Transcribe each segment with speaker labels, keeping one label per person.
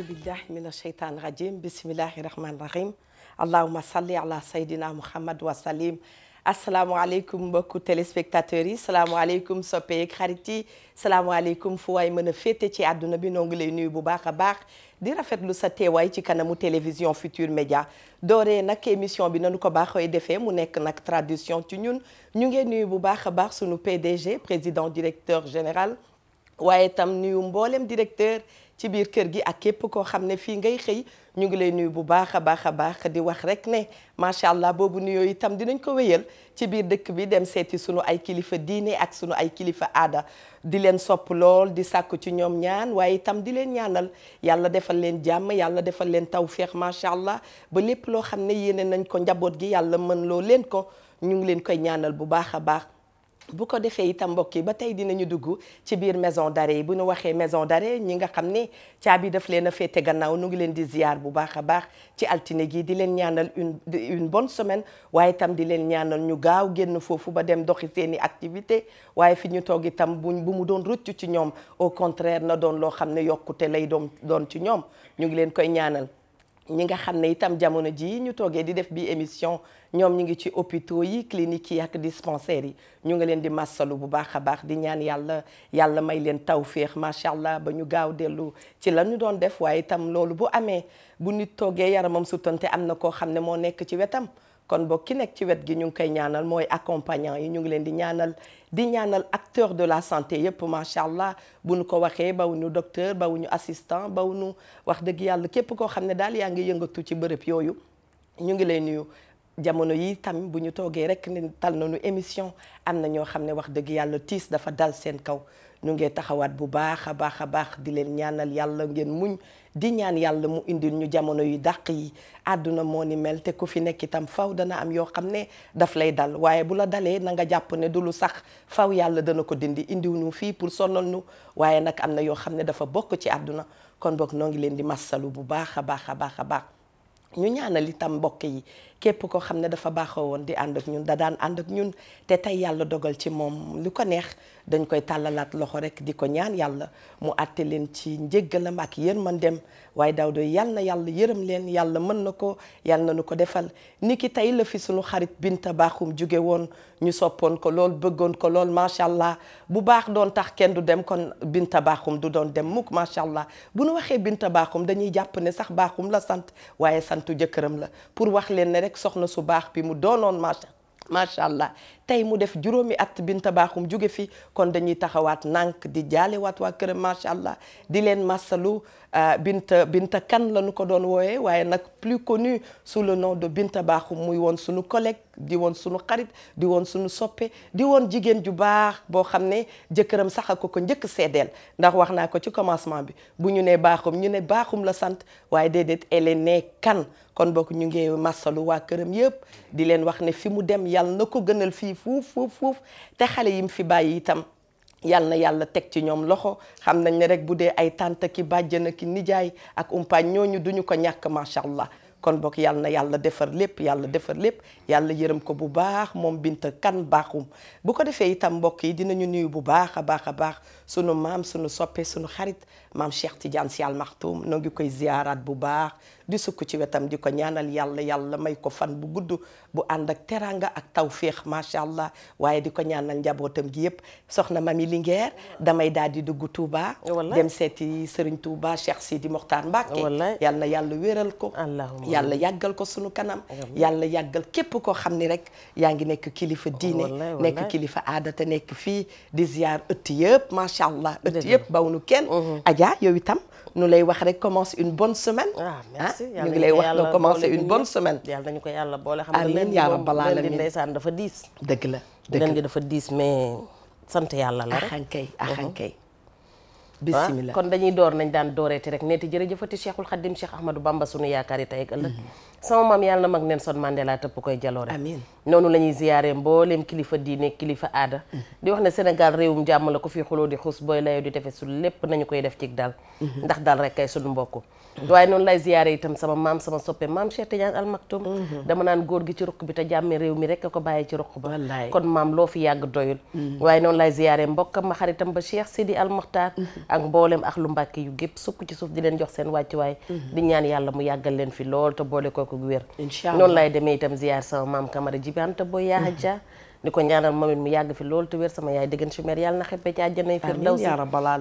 Speaker 1: aousubillah min asheytan irajim bisimillahi rahmanirahim allahuma salli ala saydina mouhammad wasalim asalaamaaleykum mbokku téléspectateurs yi salaamaaleykum soppe yeeg xarit yi salaamaaleykum fu waay mën a féete ci àdduna bi noo ngi lay nuyu bu baax a baax di rafetlu sa teewaay ci kanamu télévision Futur Média dooree nag émission bi nanu ko baaxooy defee mu nekk nag tradition ci ñun ñu ngeen nuyu bu baax a baax sunu PDG président directeur général waaye tam nuyu mboolem directeur ci biir kër gi ak képp koo xam ne fii ngay xëy ñu ngi lay nuyu bu baax a baax a baax di wax rek ne macha allah boobu nuyoo itam dinañ ko wéyal ci biir dëkk bi dem seeti sunu ay kilifa diine ak sunu ay kilifa aada di leen sopp lool di sàkku ci ñoom ñaan waaye itam di leen ñaanal yàlla defal leen jàmm yàlla defal leen tawféex macha allah ba lépp loo xam ne yéene nañ ko njaboot gi yàlla mën loo leen ko ñu ngi leen koy ñaanal bu baax a baax. bu ko defee itam mbokk yi ba tey dinañu dugg ci biir maison d'arrêt yi bu ñu waxee maison d'arrêt ñi nga xam ne caabi daf leen a féete gannaaw nu ngi leen di ziar bu baax a baax ci altine gi di leen ñaanal une une bonne semaine waaye itam di leen ñaanal ñu gaaw génn foofu ba dem doxi seeni activité waaye fi ñu toog itam buñ bu mu doon rëccu ci ñoom au contraire na doon loo xam ne yokkute lay doom doon ci ñoom ñu ngi leen koy ñaanal ñi nga xam ne itam jamono jii ñu toogee di def bi émission ñoom ñu ngi ci hôpitaux yi cliniques yi ak dispensaires yi ñu ngi leen di massalu bu baax a baax di ñaan yàlla yàlla may leen tawféex macha allah ba ñu gaaw dellu ci la ñu doon def waaye itam loolu bu amee bu nit toogee yaramam sutante am na koo xam ne moo nekk ci wetam kon boo ki nekk ci wet gi ñu ngi koy ñaanal mooy accompagnant yi ñu ngi leen di ñaanal di ñaanal acteur de la santé yëpp macha allah bu nu ko waxee baw ñu docteur baw ñu assistant baw ñu wax dëgg yàlla képp koo xam ne daal yaa ngi yëngatu ci bërëb yooyu jamono yi tam bu ñu toogee rek ni tal nañu émission am na ñoo xam ne wax dëgg yàlla tiis dafa dal seen kaw ñu ngee taxawaat bu baax a baax a baax di leen ñaanal yàlla ngeen muñ di ñaan yàlla mu indil ñu jamono yu dàq yi àdduna moo ni mel te ku fi nekk itam faw dana am yoo xam ne daf lay dal waaye bu la dalee na nga jàpp ne du sax faw yàlla dana ko dindi indiw ñu fii pour sonal ñu waaye nag am na yoo xam ne dafa bokk ci àdduna kon boog noo ngi leen di massalu bu baax a baax a baax a baax ñu ñaanal itam mbokk yi képp koo xam ne dafa baaxoo woon di ànd ak ñun da daan ànd ak ñun te tey yàlla dogal ci moom lu ko neex dañ koy tàllalaat loxo rek di ko ñaan yàlla mu àtte leen ci njéggalam ak dem waaye daaw doy yàlla na yàlla yërëm leen yàlla mën na ko yàlla na nu ko defal ni ki tey la fi sunu xarit Binta Bakhoum jóge woon ñu soppoon ko lool bëggoon ko lool macha allah bu baax doon tax kenn du dem kon Binta Bakhoum du doon dem mukk macha allah bu nu waxee Binta Bakhoum dañuy jàpp ne sax baaxum la sant waaye santu jëkkëram la pour wax leen ne rek soxna su baax bi mu doonoon macha macha allah tey mu def juróomi at Binta Bakhoum jóge fi kon dañuy taxawaat nànk di jaalewaat waa këram macha allah di leen massalu euh, Binta Binta kan la ñu ko doon wooyee waaye nag plus connu sous le nom de Binta Bakhoum muy woon sunu collègue di woon sunu xarit di woon sunu soppe di woon jigéen ju baax boo xam ne jëkkëram sax ko ko njëkk seedeel ndax wax naa ko ci commencement bi bu ñu nee Bakhoum ñu ne baaxum la sant waaye déedéet elle est kan kon bokk ñu ngi massalu waa këram yëpp fuuf fuuf te xale yim fi bàyyi itam yàlla na yàlla teg ci ñoom loxo xam nañ ne rek bu dee ay tante ki bàjjana ki nijaay ak umpaañ ñooñu duñu ko ñàkk macha allah kon bokk yàlla na yàlla defar lépp yàlla defar lépp yàlla yërëm ko bu baax moom Binta Kan baaxum bu ko defee itam mbokk yi dinañu nuyu bu baax a baax a baax sunu maam sunu soppee sunu xarit maam Cheikh Tidiane Sy Al Maktoum noo koy ziyaaraat bu baax di sukk ci wetam di ko ñaanal yàlla yàlla may ko fan bu gudd bu ànd ak teraanga ak tawféex macha allah waaye di ko ñaanal njabootam gi yëpp soxna mami Linguère damay daal di dugg Touba. dem seeti Serigne Touba Cheikh Sidi Mokhtar Mbacke. wallaay yal na yàlla wéral ko. yàlla yàggal ko sunu kanam. yàlla yàggal képp koo xam ni rek yaa ngi nekk kilifa diine. nekk kilifa aada nekk fii di ziar ëtt yëpp macha allah. ëtt yëpp baw nu kenn. Mm-hmm. Adja yow itam. nu lay wax rek commence une bonne semaine. waaw ah, ah,
Speaker 2: merci ñu ngi lay wax nga commencé une bonne semaine. yàlla nañu ko yàlla boole xam nga leen yaa rabbal aalamiin leen ndeysaan dafa diis. dëgg la dëgg leen gi dafa diis mais sant yàlla la rek. axankay axankay. Mhm.
Speaker 3: Ah, bisimilah kon
Speaker 2: dañuy door nañ daan dooreeti rek neeti jërëjëfati Cheikhul Khadim Cheikh Ahmadou Bamba suñu yaakaar yi tey ak ëllëg. Mhm. sama maam yàlla na mag Nelson Mandela tëpp koy jaloore amiin noonu la ñuy ziyaare mbooleem kilifa diine kilifa aada mm-hmm. di wax ne Sénégal réewum jàmm la ko fii xuloo di xus booy layoo di defe su lépp nañu koy def ci dal mm-hmm. ndax dal rek kay suñu mbokk waaye noonu lay ziyaare itam sama maam sama soppe maam Cheikh Tidiane Al Maktoum mm-hmm. dama naan góor gi ci ruq bi te jàmme réew mi rek a ko bàyyi ci ruq ba kon maam loo fi yàgg doyul waaye noonu lay ziyaare mbokkam ma xaritam ba Cheikh Sidi Al Mokhtar ak mbooleem ak lu mbàkke yu gépp sukk ci suuf di leen jox seen wàcc wàccuwaay di ñaan yàlla mu yàggal leen fi lool te boole ko ko wér noonu lay demee itam ziyaar sama maam Kamara Jibanta Boy Yaha mhm. Dia di ko ñaanal moom it mu yàgg fi loolu te wér sama yaay dëggan si mer yàlla na xeppe ci àjjanay firdawsi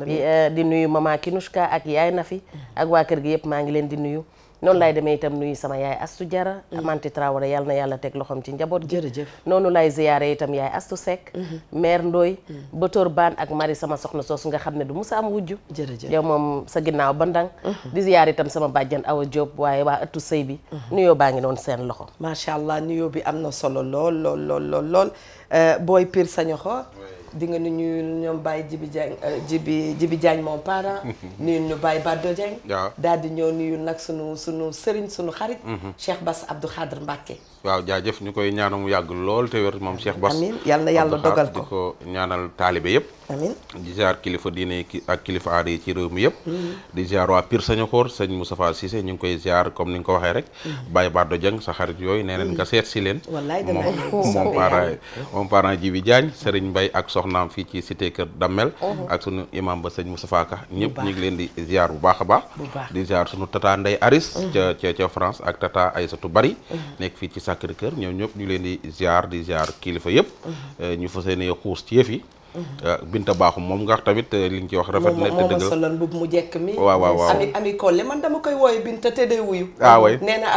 Speaker 2: eh, di nuyu mama Kinushka ak yaay na fi mhm. ak waa kër gi yëpp maa ngi leen di nuyu noonu laay demee itam nuyu sama yaay Astu Jara mm. Amanti Traoré yàlla na yàlla teg loxoom ci njaboot gi jërëjëf noonu laay ziyaare tam yaay Astu Seck mm-hmm. mère Ndoy mm. Bator Baan ak mari sama soxna soosu nga xam ne du musa am wujju jërëjëf yow moom sa ginnaaw ba ndang mm-hmm. di ziyaare tam sama bàjjan Awa Diop
Speaker 1: waaye waa ëttu sëy bi mm-hmm. nuyoo baa ngi noonu seen loxo macha allah nuyoo bi am na solo lool lool lool booy piir booy pir di nga nu ñuy ñoom Baye Jibi Dieng euh, Jibi Jibi Dieng mon parent. nuyu ñu bàyyi Baddo Dieng. daal di ñëw nuyu nag sunu sunu sëriñ sunu xarit. Mhm. Cheikh Bass Abdou Khadr Mbacké.
Speaker 4: waaw jaajëf ñu koy ñaanal mu yàgg lool te wér moom Cheikh Bass amiin
Speaker 1: yàlla yàlla dogal ko di
Speaker 4: ko ñaanal taalibe yëpp amiin di ziar kilifa diine ak kilifa aada yi ci réew mi yëpp mm-hmm. di ziar waa Pire Sañokoor sëñ Moustapha Cissé ñu ngi koy ziar comme ni nga ko waxee rek mm-hmm. Baye Bardo Dieng sa xarit yooyu nee neen nga mm-hmm. seet si leen moom moom parent moom parent Djibi Diagne Serigne ak soxnaam fii ci cité Kër Damel ak sunu imam ba sëñ Moustapha Ka ñëpp ñu ngi leen di ziar bu baax a baax di ziar sunu tata Ndeye Aris ca France ak tata Aïssatou Sacré Cœur ñoom ñëpp ñu leen di ziar di ziar kilifa yëpp. Mhm. Eh, ñu fas yéene xuus ci yëf Euh, Binta Bakhoum moom nga tamit euh, li nga ci wax rafet na te dëgg
Speaker 1: la jekk mi waaw waaw waaw ami ami Collé man dama koy wooye Binta te day wuyu ah way nee na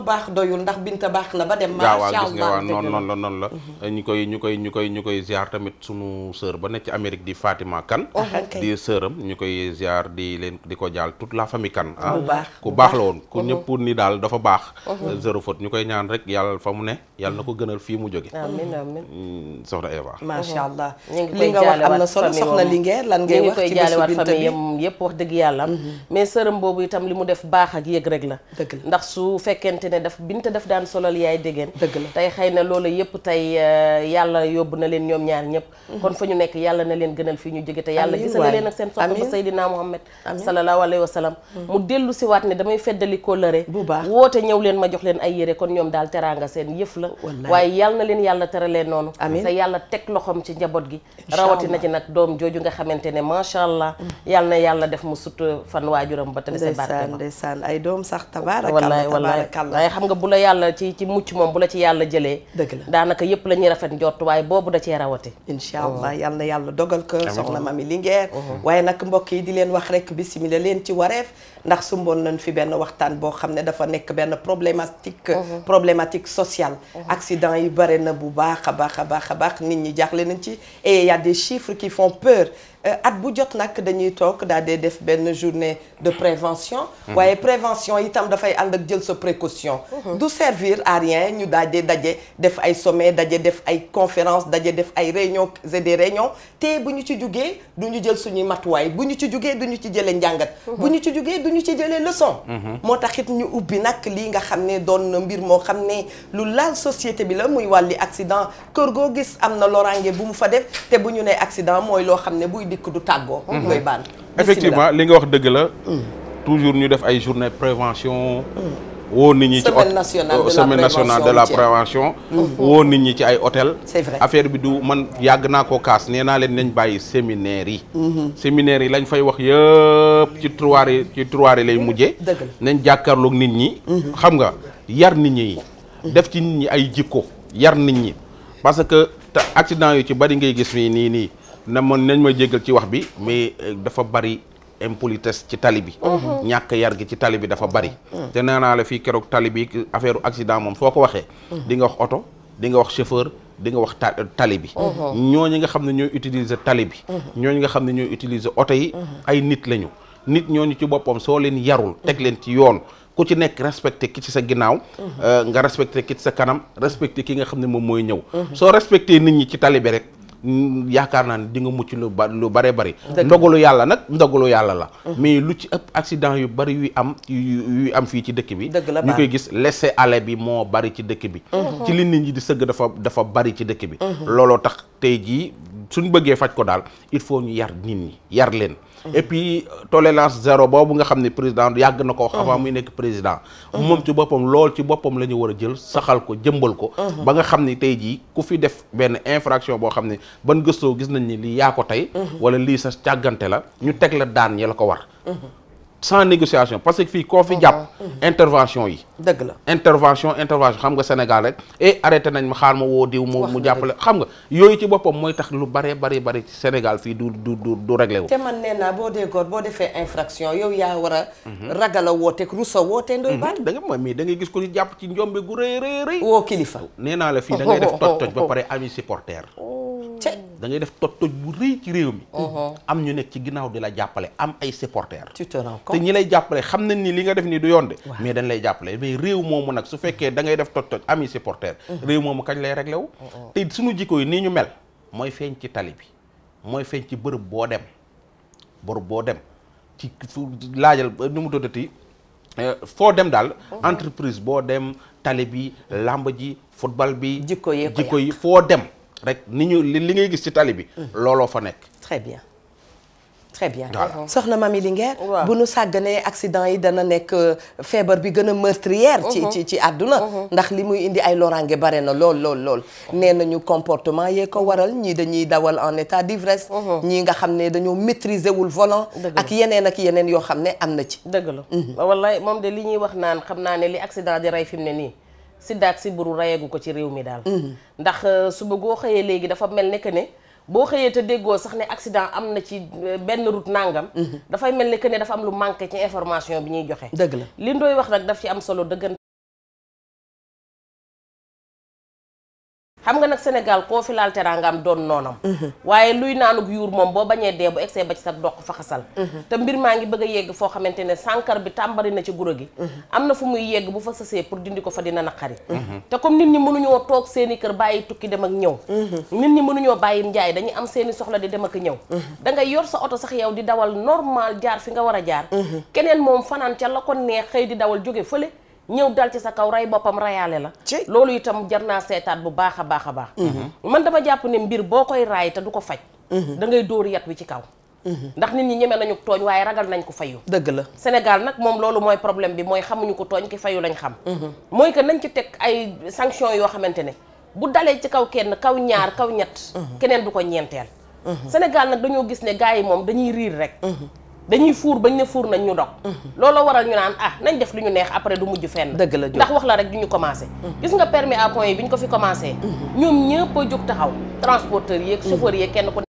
Speaker 1: baax doyul ndax Binta baax la ba dem macha allah waaw noonu noonu la
Speaker 4: noonu mhm. euh, la koy ñu koy ñu koy ñu koy ziar tamit sunu sœur ba nekk ci Amérique di Fatima Kane ah, di sœuram ñu koy ziar di leen di ko jaal toute la famille Kane ah. ku baax la woon ku mhm. ñëpp ni daal dafa baax mhm. zéro faute ñu koy ñaan rek yàlla fa mu ne yàlla na ko gënal fii mu jóge amiin amiin mm, soxna Eva
Speaker 2: allah li nga wax am na solo soxna Linguère lan ngay wax ci bésu binta bi yëpp wax dëgg yàlla mhm. mais sërëm boobu itam li mu def baax ak yëg rek la dëgg ndax su fekkente ne daf binta daf daan solal yaay déggeen dëgg la tey xëy na loolu yëpp tey euh, yàlla yóbbu na leen ñoom ñaar ñëpp mhm. kon fa ñu nekk yàlla na leen gënal fii ñu jóge te yàlla gisale leen ak seen soxna ba Seydina Muhammad sallallahu alayhi wa sallam mhm. mu dellu si waat ne damay feddali kóllëre bu baax woote ñëw leen ma jox leen ay yére kon ñoom daal teraanga seen yëf la waaye yàlla na leen yàlla teralee noonu te yàlla teg loxoom ci njaboot gi rawatina ci nag doom jooju nga xamante ne macha allah. yal na yàlla def mu sut fan waajuram ba te dese barke ndeysaan ay doom sax tabaarakalla tabaarakalla waaye xam nga bu la yàlla ci ci mucc moom bu la ci yàlla jëlee dëgg la daanaka yëpp la
Speaker 1: ñuy rafet njort waaye boobu da cee rawati incha allah oh. yal na yàlla dogal ko soxna mami Linguère oh. waaye nag mbokk yi di leen wax rek bisimila leen ci wareef ndax sumboon nañ fi benn waxtaan boo xam ne dafa nekk benn problématique oh. problématique sociale accident yi bare na bu baax a baax a baax a baax nit ñi jaaxle nañ ci des chiffres qui font peur Euh, at bu jot nag dañuy toog daal dee def benn journée de prévention mhm. waaye prévention itam dafay ànd ak jël sa précaution mhm. du servir à rien ñu daal dee daje def ay sommet daje def ay conférence daje def ay réunion et des réunions te bu ñu ci jugee du ñu jël suñuy matuwaay bu ñu ci jugee du ñu ci jëlee njàngat mhm. bu ñu ci jugee du ñu ci jëlee leçon moo tax it ñu ubbi nag lii nga xam ne doon na mbir moo xam ne lu laal société bi la muy wàlli accident kër goo gis am na loraange bu mu fa def te bu ñu nee accident mooy loo xam ne buy dikk du tàggoo. Mhm. ngay baal effectivement
Speaker 4: li nga wax dëgg la. Mm. toujours ñu def ay journée prévention. Mm. woo nit ñi ci semaine nationale de semaine de la prévention. Mm-hmm. woo nit ñi ci ay hôtel. c'est affaire bi du man yàgg naa ko kaas nee naa leen nañ bàyyi séminaire yi. Mm-hmm. séminaire yi lañ fay wax yëpp ci tiroir yi ci tiroir lay mm-hmm. mujjee. dëgg nañ jàkkarlook nit ñi. xam nga yar nit ñi. def ci nit ñi ay jikko yar nit ñi parce que accident yi ci bari ngay gis nii nii nii. na man nañ ma jéggal ci wax bi mais euh, dafa bari impolitesse ci tali bi mm-hmm. ñàkk yar gi ci tali bi dafa bari mm-hmm. te nee naa la fii keroog tali bi affaire accident moom foo ko waxee mm-hmm. dinga wax oto di nga wax chauffeur di nga wax euh, tali bi ñooñu nga xam ne ñoo utiliser tali bi ñooñu nga xam ne ñooy utiliser oto yi ay nit lañu nit ñooñu ci boppam soo leen yarul teg leen ci yoon ku ci nekk respecté ki ci sa ginnaaw euh, nga respecté ki ci sa kanam respecté ki nga xam ne moom mooy ñëw nit ñi ci tali bi rek Mm, yaakaar naa ne di nga mucc lu ba lu bare bari ndogalu yàlla nag ndogalu yàlla la mm-hmm. mais lu ci ëpp accident yu bari yuy am yuy am fii ci dëkk bi ñu koy gis laisser aller bi moo bari ci dëkk bi mm-hmm. ci li nit ñi di sëgg dafa dafa bari ci dëkk bi mm-hmm. looloo tax tey jii suñ bëggee faj ko daal il faut ñu yar nit ñi yar leen et puis tolérance zéro boobu nga xam ne président yàgg na ko wax avant muy nekk président moom ci boppam lool ci boppam la ñu war a jël saxal ko jëmbal ko ba nga xam ne tey jii ku fi def benn infraction boo xam ne ban gëstoo gis nañ ni lii yaa ko tey mhm. wala lii sa càggante la ñu teg la daan ya la ko war sans négociation parce que fii koo fi jàpp uh-huh. Uh-huh. intervention yi dëgg la intervention intervention xam nga Sénégal rek et eh, arrêté nañ ma xaar ma woo diw mu mu jàppale xam nga yooyu ci boppam mooy tax lu bare bare bare ci Sénégal fii du du du du réglé wu te
Speaker 1: man nee naa boo dee góor boo defee infraction yow yaa war a mhm. ragal a woote rusa woote ndoy mhm. baat
Speaker 4: da nga mooy mii da gis ko jàpp ci njombe gu rëy rëy woo kilifa nee naa la fii da ngay def toj toj ba pare ami supporter dangay def toj toj bu rëy ci réew mi am ñu nekk ci ginnaaw di la jàppale am ay supporters te ñi lay jàppale xam na ni li nga def nii du yoon de mais dañ lay jàppale mais réew moomu nag su fekkee def toj toj am ay supporters réew moomu kañ lay réglé wu te suñu jikko yi nii ñu mel mooy feeñ ci tali bi mooy feeñ ci bërëb boo dem bërëb boo dem ci fu laajal nu mu tuddati euh, foo dem daal entreprise boo dem tali bi làmb ji football bi jikko yi foo dem rek ni li ngay gis ci tali bi. Mm. looloo fa nekk. très bien.
Speaker 1: très bien soxna Mamy Linguère bu nu sàgganee accident yi dana nekk euh, feebar bi gën a meurtrière ci mm-hmm. ci ci àdduna mm-hmm. ndax li muy indi ay loraange bare na lool lool lool nee nañu comportement yee ko waral ñii dañuy dawal en état d'ivresse mm-hmm. ñii nga xam ne dañoo maîtriser wul volant ak yeneen ak yeneen yoo xam ne am na ci dëgg
Speaker 2: la wallaay moom de li ñuy wax naan xam naa ne li accident di rey fi mu ne nii siddaak si buru rayagu ko ci réew mi daal mm-hmm. ndax euh, suba goo xëyee léegi dafa mel ne que ne boo xëyee te déggoo sax ne accident am na ci euh, benn route nangam mm-hmm. dafay mel ne que ne dafa am lu manqué ci information bi ñuy joxe dëgg la li ndooy wax nag daf ci am solo dëggan xam nga nag Sénégal koo fi laal teraangaam doon noonam waaye luy naanug yuur moom boo bañee dee bu egsee ba ci sa doq fa xasal te mbir maa ngi bëgg a yegg foo xamante ne sànkar bi tàmbali na ci guro gi am na fu muy yegg bu fa sësee pour dindi ko fa dina naqari te comme nit ñi mënuñoo toog seeni kër bàyyi tukki dem ak ñëw nit ñi mënuñoo bàyyi njaay dañuy am seeni soxla di dem ak ñëw da nga yor sa oto sax yow di dawal normal jaar fi nga war a jaar keneen moom fanaan ca la ko neex xëy di dawal jóge fële ñëw dal ci sa kaw ray boppam reyaale la loolu itam jar naa seetaat bu baax a baax a baax mm-hmm. man dama jàpp ne mbir boo koy raay te du ko faj mm-hmm. da ngay dóor yat wi ci kaw mm-hmm. ndax nit ñi ñeme nañu tooñ waaye ragal nañ ko fayu dëgg la Sénégal nag moom loolu mooy problème bi mooy xamuñu ko tooñ ki fayu lañ xam mooy que nañ ci teg ay sanction yoo xamante ne bu dalee ci kaw kenn kaw ñaar kaw ñett keneen du ko ñeenteel Sénégal nag dañoo gis ne gars yi moom dañuy riir rek dañuy fuur bañ ne fuur nañ ñu dog loolu waral ñu naan ah nañ def lu ñu neex après du mujj fenn dëgg la ndax wax la rek du ñu commencé gis nga permis à point yi bi ko fi commencé ñoom ñëpp a jóg taxaw transporteur yeeg chauffeur yeeg kenn ku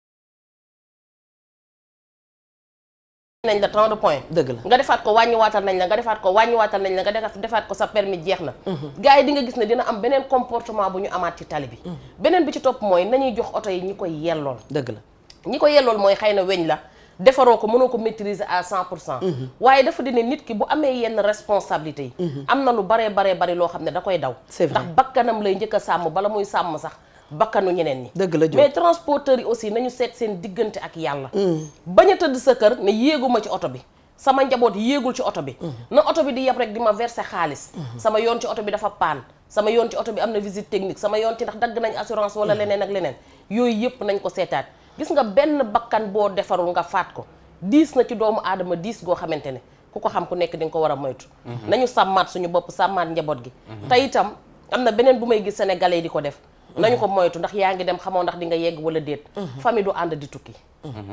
Speaker 2: nañ la temps de point dëgg la nga defaat ko wàññi waatal nañ la nga defaat ko wàññi waatal nañ la nga defaat ko sa permis jeex na gars yi nga gis ne dina am beneen comportement bu ñu amaat ci tali bi beneen bi ci topp mooy nañuy jox oto yi ñi koy yellool dëgg la ñi ko yellool mooy xëy na weñ la defaroo ko mënoo ko maîtriser à cent pour cent mhm. waaye dafa di nit ki bu amee yenn responsabilité yi mhm. am na lu baree baree bari loo xam ne da koy daw ndax bakkanam lay njëkk a sàmm bala muy sàmm sax bakkanu ñeneen ñi dëgg la mais transporteurs yi aussi nañu seet seen diggante ak yàlla mhm. baña tëdd sa kër ne yéeguma ci oto bi sama njaboot yéegul ci oto bi na oto bi di yab rek di ma verser xaalis sama yoon ci oto bi dafa paan sama yoon ci oto bi am na visite technique sama yoon ci ndax nañ assurance wala leneen ak leneen yooyu yëpp nañ ko seetaat gis nga benn bakkan boo defarul nga faat ko diis na ci doomu aadama diis goo xamante ne ku ko xam ku nekk di ko war a moytu mhm. nañu sàmmaat suñu bopp sàmmaat njaboot gi mhm. tey itam am na beneen bu may gis sénégalais yi di ko def nañ ko moytu ndax yaa ngi dem xamoo ndax di nga yegg wala déet famille du ànd di tukki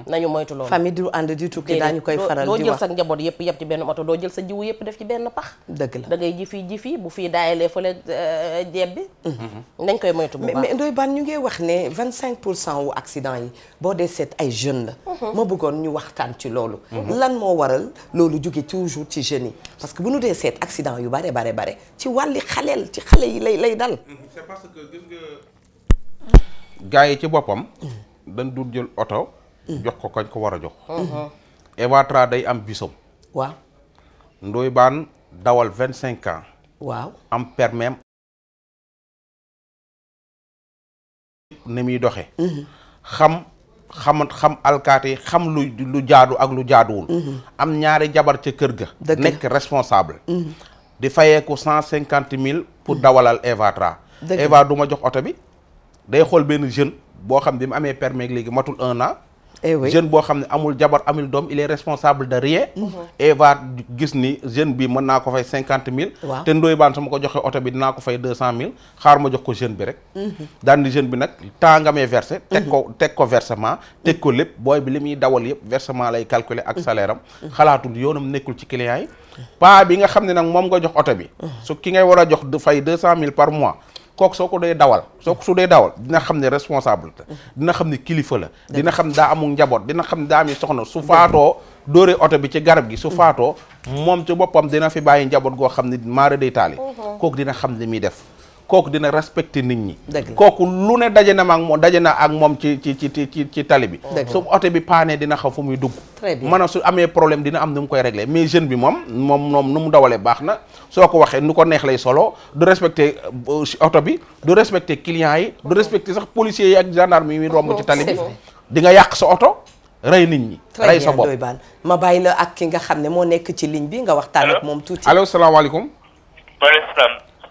Speaker 2: nañu moytu loolu famille
Speaker 1: du ànd di tukki daañu koy faral di wax doo jël sa
Speaker 2: njaboot yëpp yëpp ci benn moto sa jiwu yëpp def ci benn pax dëgg la da ngay fii ji fii bu fii daayalee fële euh, jeeb bi mm-hmm. nañ koy moytu bu baax mais Ndoye
Speaker 1: Bane ñu ngi wax ne vingt cinq pour cent wu yi boo dee seet ay jeunes la mm-hmm. ma bëggoon ñu waxtaan ci loolu mm-hmm. lan moo waral loolu jóge toujours ci jeunes yi parce que bu ñu dee seet accident yu bare
Speaker 4: bare bare ci wàlli xaleel ci xale yi lay lay dal gaa yi ci boppam dañ dul jël oto jox ko kañ ko war a jox mm-hmm. Evatra day am bisom waaw dawal vingt cinq ans waaw am permis ni muy doxe mm-hmm. xam xam xam alkaati xam lu lu jaadu ak lu jaaduwul mm-hmm. am ñaari jabar ca kër ga nekk responsable di fayeeku cent cinquante mille pour dawalal Evatra Eva du jox oto bi day xool benn jeune boo xam ne bi mu amee permis léegi matul un na Eh boo xam ne amul jabar amul doom il est responsable de rien. Mm gis ni jeune bi mën naa ko fay cinquante mille. waaw te ndoy baan ma ko joxe oto bi dinaa ko fay deux cent mille xaar ma jox ko jeune bi rek. Mhm. daan ni jeune bi nag temps nga may versé. teg mhm. ko teg ko versement. teg ko lépp booy bi li muy dawal yëpp versement lay calculer ak mhm. salaire am. xalaatul yoonam nekkul ci client yi. paa bi nga xam ne nag moom nga jox oto bi. su ki ngay war a jox fay deux cent mille par mois. kook soo ko dee dawal soo ko su dee dawal dina xam ne responsable la dina xam ne kilifa la dina xam ne daa amul njaboot dina xam ne daa am soxna su faatoo dóore oto bi ci garab gi su faatoo moom ci boppam dina fi bàyyi njaboot goo xam ne maara day taali kook dina xam ne muy def kooku dina respecté nit ñi kooku lu ne daje na ak moom daje na ak moom ci ci ci ci ci tali bi su oto bi paanee dina xaw fu muy dugg maanaam su amee problème dina am nu mu koy réglé mais jeune bi moom moom moom nu mu dawalee baax na soo ko waxee nu ko neex lay solo du respecté euh, oto bi du respecté clients yi du respecté sax policier yi ak gendarme yi romb ci tali bi di nga yàq sa oto rey nit ñi rey sa bopp doy
Speaker 1: baan ma bàyyi la ak ki nga xam ne moo nekk ci ligne bi nga waxtaan moom tuuti allo salaamaaleykum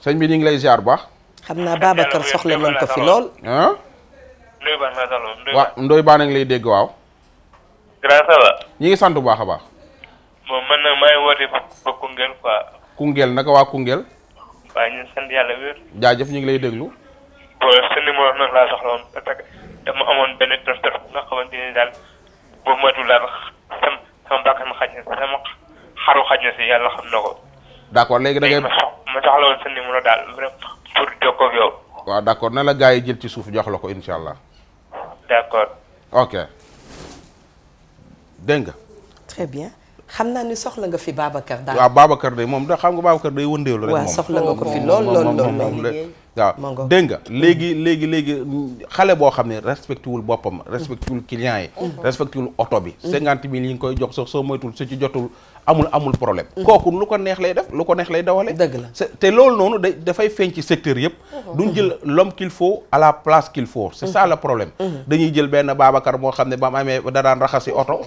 Speaker 4: sëñ bi ñu ngi lay ziar bu baax. xam naa Babacar soxla nañ ko fi lool. Ndoye Bane maa ngi ngi lay dégg waaw. grâce ñu ngi sant bu baax a baax.
Speaker 3: bon man nag maa ngi woote ba Koungheul quoi.
Speaker 4: Koungheul waa Koungheul.
Speaker 3: waaye ñu sant yàlla wér.
Speaker 4: jaajëf ñu ngi lay déglu.
Speaker 3: bon sa numéro laa soxla dama amoon benn trop trop nga xamante ne sama sama bakkan xaj na sama xaru xaj na si yàlla xam na ko.
Speaker 4: d' accord léegi da ngay ma
Speaker 3: soxla
Speaker 4: d' accord na la gaa yi jël ci suuf jox la ko incha allah. d' dégg nga.
Speaker 1: très bien. xam naa ni soxla nga fi Babacar daal waaw
Speaker 4: Babacar day moom da xam nga Babacar day wëndeelu rek moom soxla nga ko fi lool lool lool dégg nga léegi léegi léegi xale boo xam ne respecté wul boppam respecté wul client yi mm-hmm. respecté wul oto bi mm-hmm. cinquante mille yi nga koy jox sax soo moytul su ci jotul amul amul problème mhm. kooku lu ko neex lay def lu ko neex lay dawale dëgg la te loolu noonu da dafay feeñ ci secteur yëpp mhm. duñ jël l'homme qu'il faut place qu'il faut c'est ça mhm. problème dañuy jël benn Babacar moo xam ne ba mu amee da daan oto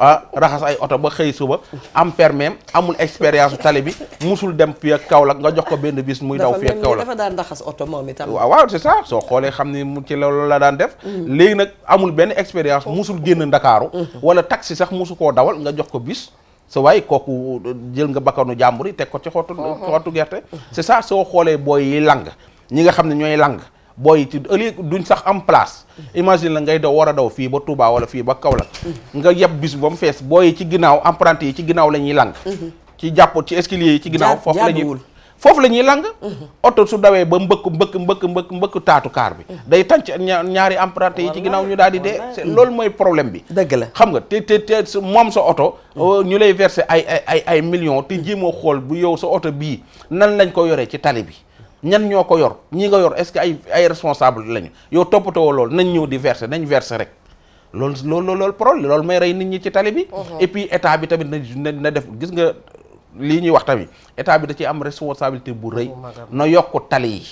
Speaker 4: ah raxas ay oto ba xëy suba am permis amul expérience tali bi musul dem fii ak Kaolack nga jox ko benn bis muy daw fii ak Kaolack dafa daan
Speaker 1: raxas oto moom itam waaw waaw
Speaker 4: c'est soo xoolee xam ne mu ci loolu la daan def léegi amul benn expérience oh. musul génn Ndakaaru wala taxi sax musu koo dawal nga jox ko bis sa waay kooku jël nga bakkanu jàmbur yi teg ko ci xottu oh, oh. xottu gerte c'est ça soo xoolee booy yi lang ñi nga xam ne ñooy lang booy ci ëllëg duñ sax am place imagine la ngay daw war a daw fii ba Touba wala fii ba kaw la nga yeb bis ba mu fees booy yi ci ginnaaw emprunté yi ci ginnaaw la ñuy lang mm-hmm. ci jàpp ci escalier yi ci ginnaaw foofu la ñuy foofu la ñuy lang mhm. oto su dawee ba mbëkk mbëkk mbëkk mbëkk mbëkk taatu kaar bi mhm. day tànc ñaari emprunté yi ci ginnaaw ñu daal di dee loolu mooy problème bi dëgg la xam nga te te te moom sa oto mhm. oh, ñu lay versé ay ay ay millions te jéemoo xool bu yow sa oto bii nan lañ ko yoree ci tali bi ñan ñoo ko yor ñii nga yor est-ce que ay ay responsable lañu yow toppatoo loolu nañ ñëw di versé nañ versé rek loolu loolu loolu problème loolu may rey nit ñi ci tali bi et bi tamit na na def gis nga lii ñuy wax tamit état bi da ciy am responsabilité bu rëy na yokk tali yi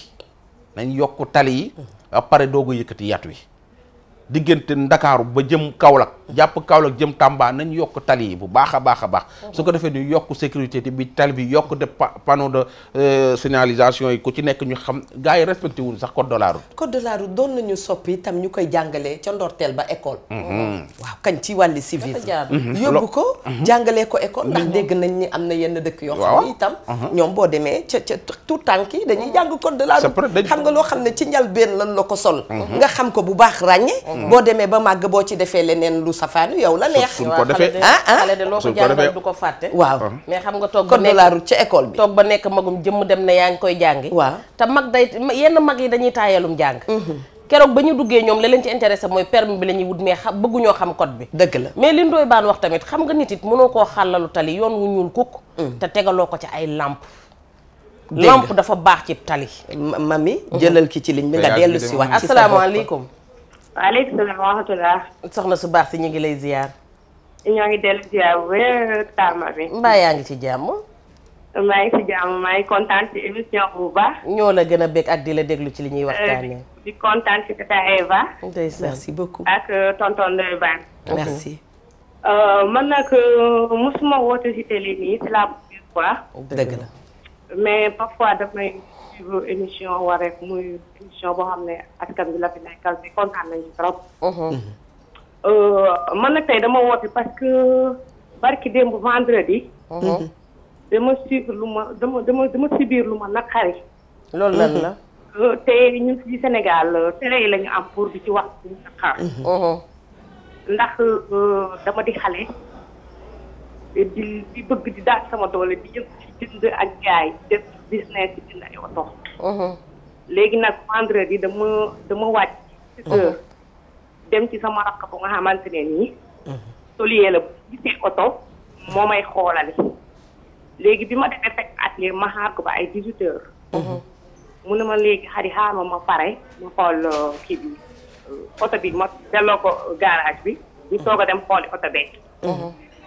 Speaker 4: nañ yokk tali yi ba pare doog a yat wi diggante ndakaaru ba jëm Kaolack jàpp Kaolack jëm Tamba nañ yokk tali yi bu baax a baax a baax mhm. su ko defee ñu yokk sécurité bi tali bi yokk de panneau de euh, signalisation yi ku ci nekk ñu xam gars yi respecté wuñ sax code de la route
Speaker 1: code de la route doon nañu soppi tam ñu koy jàngalee ca ndorteel ba école
Speaker 4: mhm. waaw
Speaker 1: kañ ci wàlli civisme mhm. yóbbu ko jàngalee ko école ndax dégg nañ ni am na yenn dëkk yoo xam ne ñoom boo demee ca ca tout tànk yi jàng code de la route xam nga loo xam ne ci njëlbeen lan la ko sol
Speaker 5: nga xam
Speaker 1: ko bu baax ràññee Mm-hmm. boo demee ba màgg boo ci defee leneen lu safaan yow la
Speaker 5: neex. suñ ah,
Speaker 2: ah. loo ko jàngal du ko fàtte. waaw ah. mais xam nga toog ba nekk la ci école bi. toog ba nekk magum jëmm dem na yaa ngi koy jàngi. waaw te mag day yenn mag yi dañuy taayalum jàng. Mm-hmm. keroog ba ñu duggee ñoom la leen ci intéressé mooy permis bi la ñuy wut mais xam bëgguñoo xam code bi. dëgg la mais li Ndoye Bane wax tamit xam nga nit it mënoo koo xàllalu tali yoon wu ñuul kukk. Mm. te tegaloo ko ci ay lamp lamp dafa baax ci tali. mami jëlal ki
Speaker 1: ci ligne bi nga dellu si waat. asalaamaaleykum
Speaker 5: waaleykum salaam wa rahmatulah. soxna su baax si ñu ngi lay ziar. ñoo ngi dellu ziar bu yaa ngi ci jàmm. maa ngi ci jàmm maa ngi ci émission bu baax.
Speaker 2: ñoo la gën a bég ak di la déglu ci li ñuy euh, waxtaanee.
Speaker 5: di kontaan ci Tata Eva. merci beaucoup. ak euh, tonton Ndoye Bane. Mhm. merci. Euh, man nag mosuma woote ci télé nii c'est la première fois. dëgg la. mais parfois damay. suivre émission Wareef muy émission boo xam ne askan bi la fi nekkal te kontaan nañ ci trop. Uh-huh. Mm-hmm. Euh, man nag tey dama woote parce que barki démb vendredi. Uh-huh. Mm-hmm. dama suivre lu ma dama dama dama subir lu ma naqari. loolu lan la. Euh, te ñun fii Sénégal télé yi la am pour di ci wax suñu mm-hmm. uh-huh. ndax euh, dama di xale.
Speaker 3: di di
Speaker 5: bëgg di daal sama doole di yëngu ci jënd ak jaay business yi jënd ay
Speaker 3: oto.
Speaker 5: léegi nag vendredi dama dama wàcc. dem ci sama rakk bu nga xamante ne nii. solier la bu gisee oto moo may xoolale. léegi bi ma demee fekk atelier ma xaar ko ba ay 18 heures. mu ma léegi xari xaar ma ma pare ma xool euh, kii bi euh, oto bi ma delloo ko garage bi. ñu soog dem xooli oto beeg.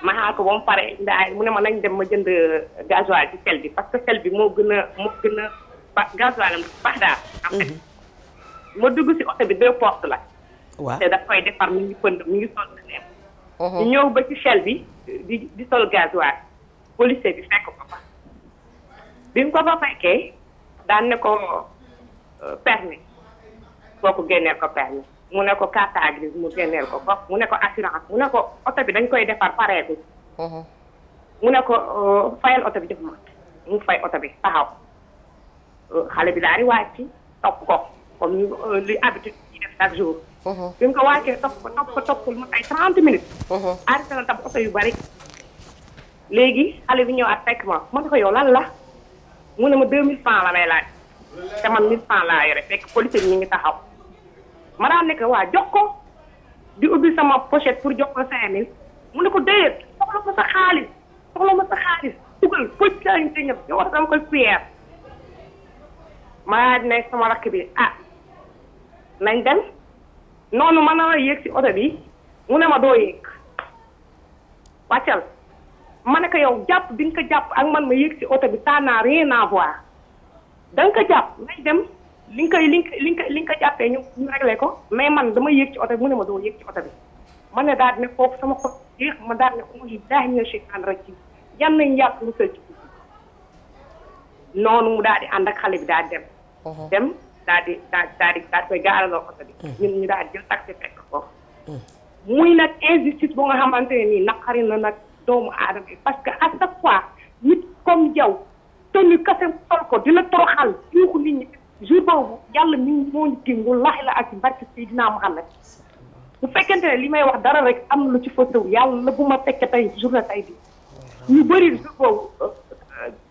Speaker 5: ma xaar ko ba mu pare mu ne ma nañ dem ma jënd euh, gasoil ci sel bi parce que sel bi moo gën a moo gën a ba gasoil am baax daal. am mhm. na ma dugg si oto bi deux portes la. waaw te daf koy defar mi ngi pënd mi ngi sol na mhm. ñëw ba ci sel bi di di sol gasoil policier bi fekk ko fa. bi mu ko fa fekkee daan ne ko euh, permis boo ko génnee ko permis mu ne ko carte grise mu génneel ko ko mu ne ko assurance mu ne ko oto bi dañ koy defar pareegul. Uh-huh. mu ne ko uh, fayal oto bi jox ma mu fay oto bi taxaw uh, xale bi daal di wàcc topp ko comme uh, li habitude yi def chaque jour. Uh-huh. bi mu ko wàccee topp ko topp ko toppul mu ay 30 minutes. Uh-huh. arrêté na tam oto yu bari. léegi xale bi ñëw at fekk ma ma ne ko yow lan la mu ne ma mille francs la may laa te man 1000 francs laa yore fekk policier bi ñu ngi taxaw. ma daan nekk waa jox ko di ubbi sama pochette pour jox ko cinq mille mu ne ko déet soxla ma sa xaalis soxla ma sa xaalis dugal pëj laa ñu ñëpp yow war dama koy fier ma ne sama bi ah dem noonu ma nar yéeg si oto bi mu ne ma doo yéeg wàccal ma ne ko yow jàpp bi ko jàpp ak man ma yéeg si oto bi ça n'a rien à voir da nga ko jàpp nañ dem. li nga koy li nga ko li ko jàppee ñu ñu ko mais man damay yéeg ci oto bi mu ne ma doo yéeg ci oto bi man ne daal ne foofu sama xol yéex ma daal ne auzu billaahi mina sheytaani rajiim yan nañ daal di ànd ak xale bi daal di dem uh-huh. dem daal di daal daal di daal di koy gaaraloo oto bi uh-huh. ñu daal jël taxi fekk foofu uh-huh. muy nag injustice bu nga xamante ne nii naqari na nag doomu aadama yi parce que à chaque fois nit comme yow tenu kase sol ko di la toroxal yuuxu nit jour boobu yàlla mi moo ñu tiim wallaahi la ak barke Seydina Muhammad bu fekkente li may wax dara rek am lu ci fotow yàlla bu ma fekke tey journée tey bi ñu bëri jour boobu euh,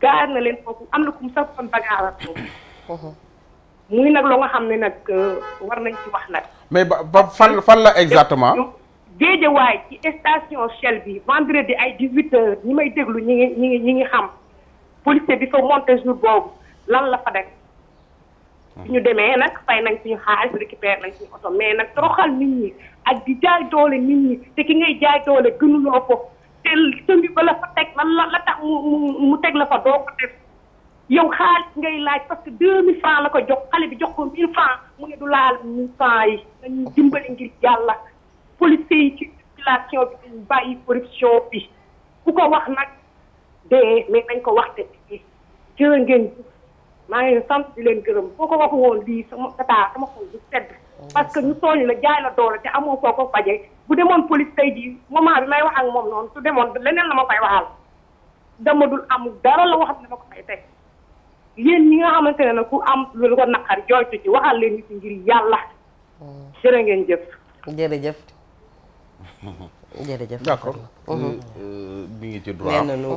Speaker 5: gaar na leen foofu am na ku mu sax fan bagaarat uh-huh. muy nag loo nga xam ne nag euh, war nañ ci wax nag
Speaker 4: mais ba ba fan fan la exactement
Speaker 5: géejawaay ci station Shell bi vendredi ay dix-huit heures ñi may déglu ñi ngi ñi ngi ñi ngi xam policier bi fa monté jour boobu lan la fa def Mm-hmm. ñu demee nag fay nañ suñu xaalis récupéré nañ suñu oto mais nag toroxal nit ñi ak di jaay doole nit ñi te ki ngay jaay doole gënuloo ko te sëmbi ba la fa teg la tax mu mu teg la fa doo ko def yow xaalis ngay laaj parce que deux mille francs la ko jox xale bi jox ko mille francs mu ne du laal mille francs yi dañuy dimbali ngir yàlla policiers yi ci population bi dañu bàyyi corruption bi ku ko wax nag dee mais nañ ko wax te jërë maa ngi leen sant di leen gërëm foo ko waxu lii sama tata du sedd oh, parce que ñu tooñ la jaay la doole te amoo foo ko fajee bu demoon police tey jii moment bi may wax ak moom noonu su demoon leneen la ma fay waxal dama dul am dara la waxam ne ma ko fay teg yéen nga xamante ne ku am lu ko naqar jooytu ci waxal leen nit ngir yàlla oh. jërë ngeen jëf
Speaker 1: jërëjëf
Speaker 6: jërëjëf d'accord
Speaker 1: mm-hmm. euh,
Speaker 4: euh, mi ngi ci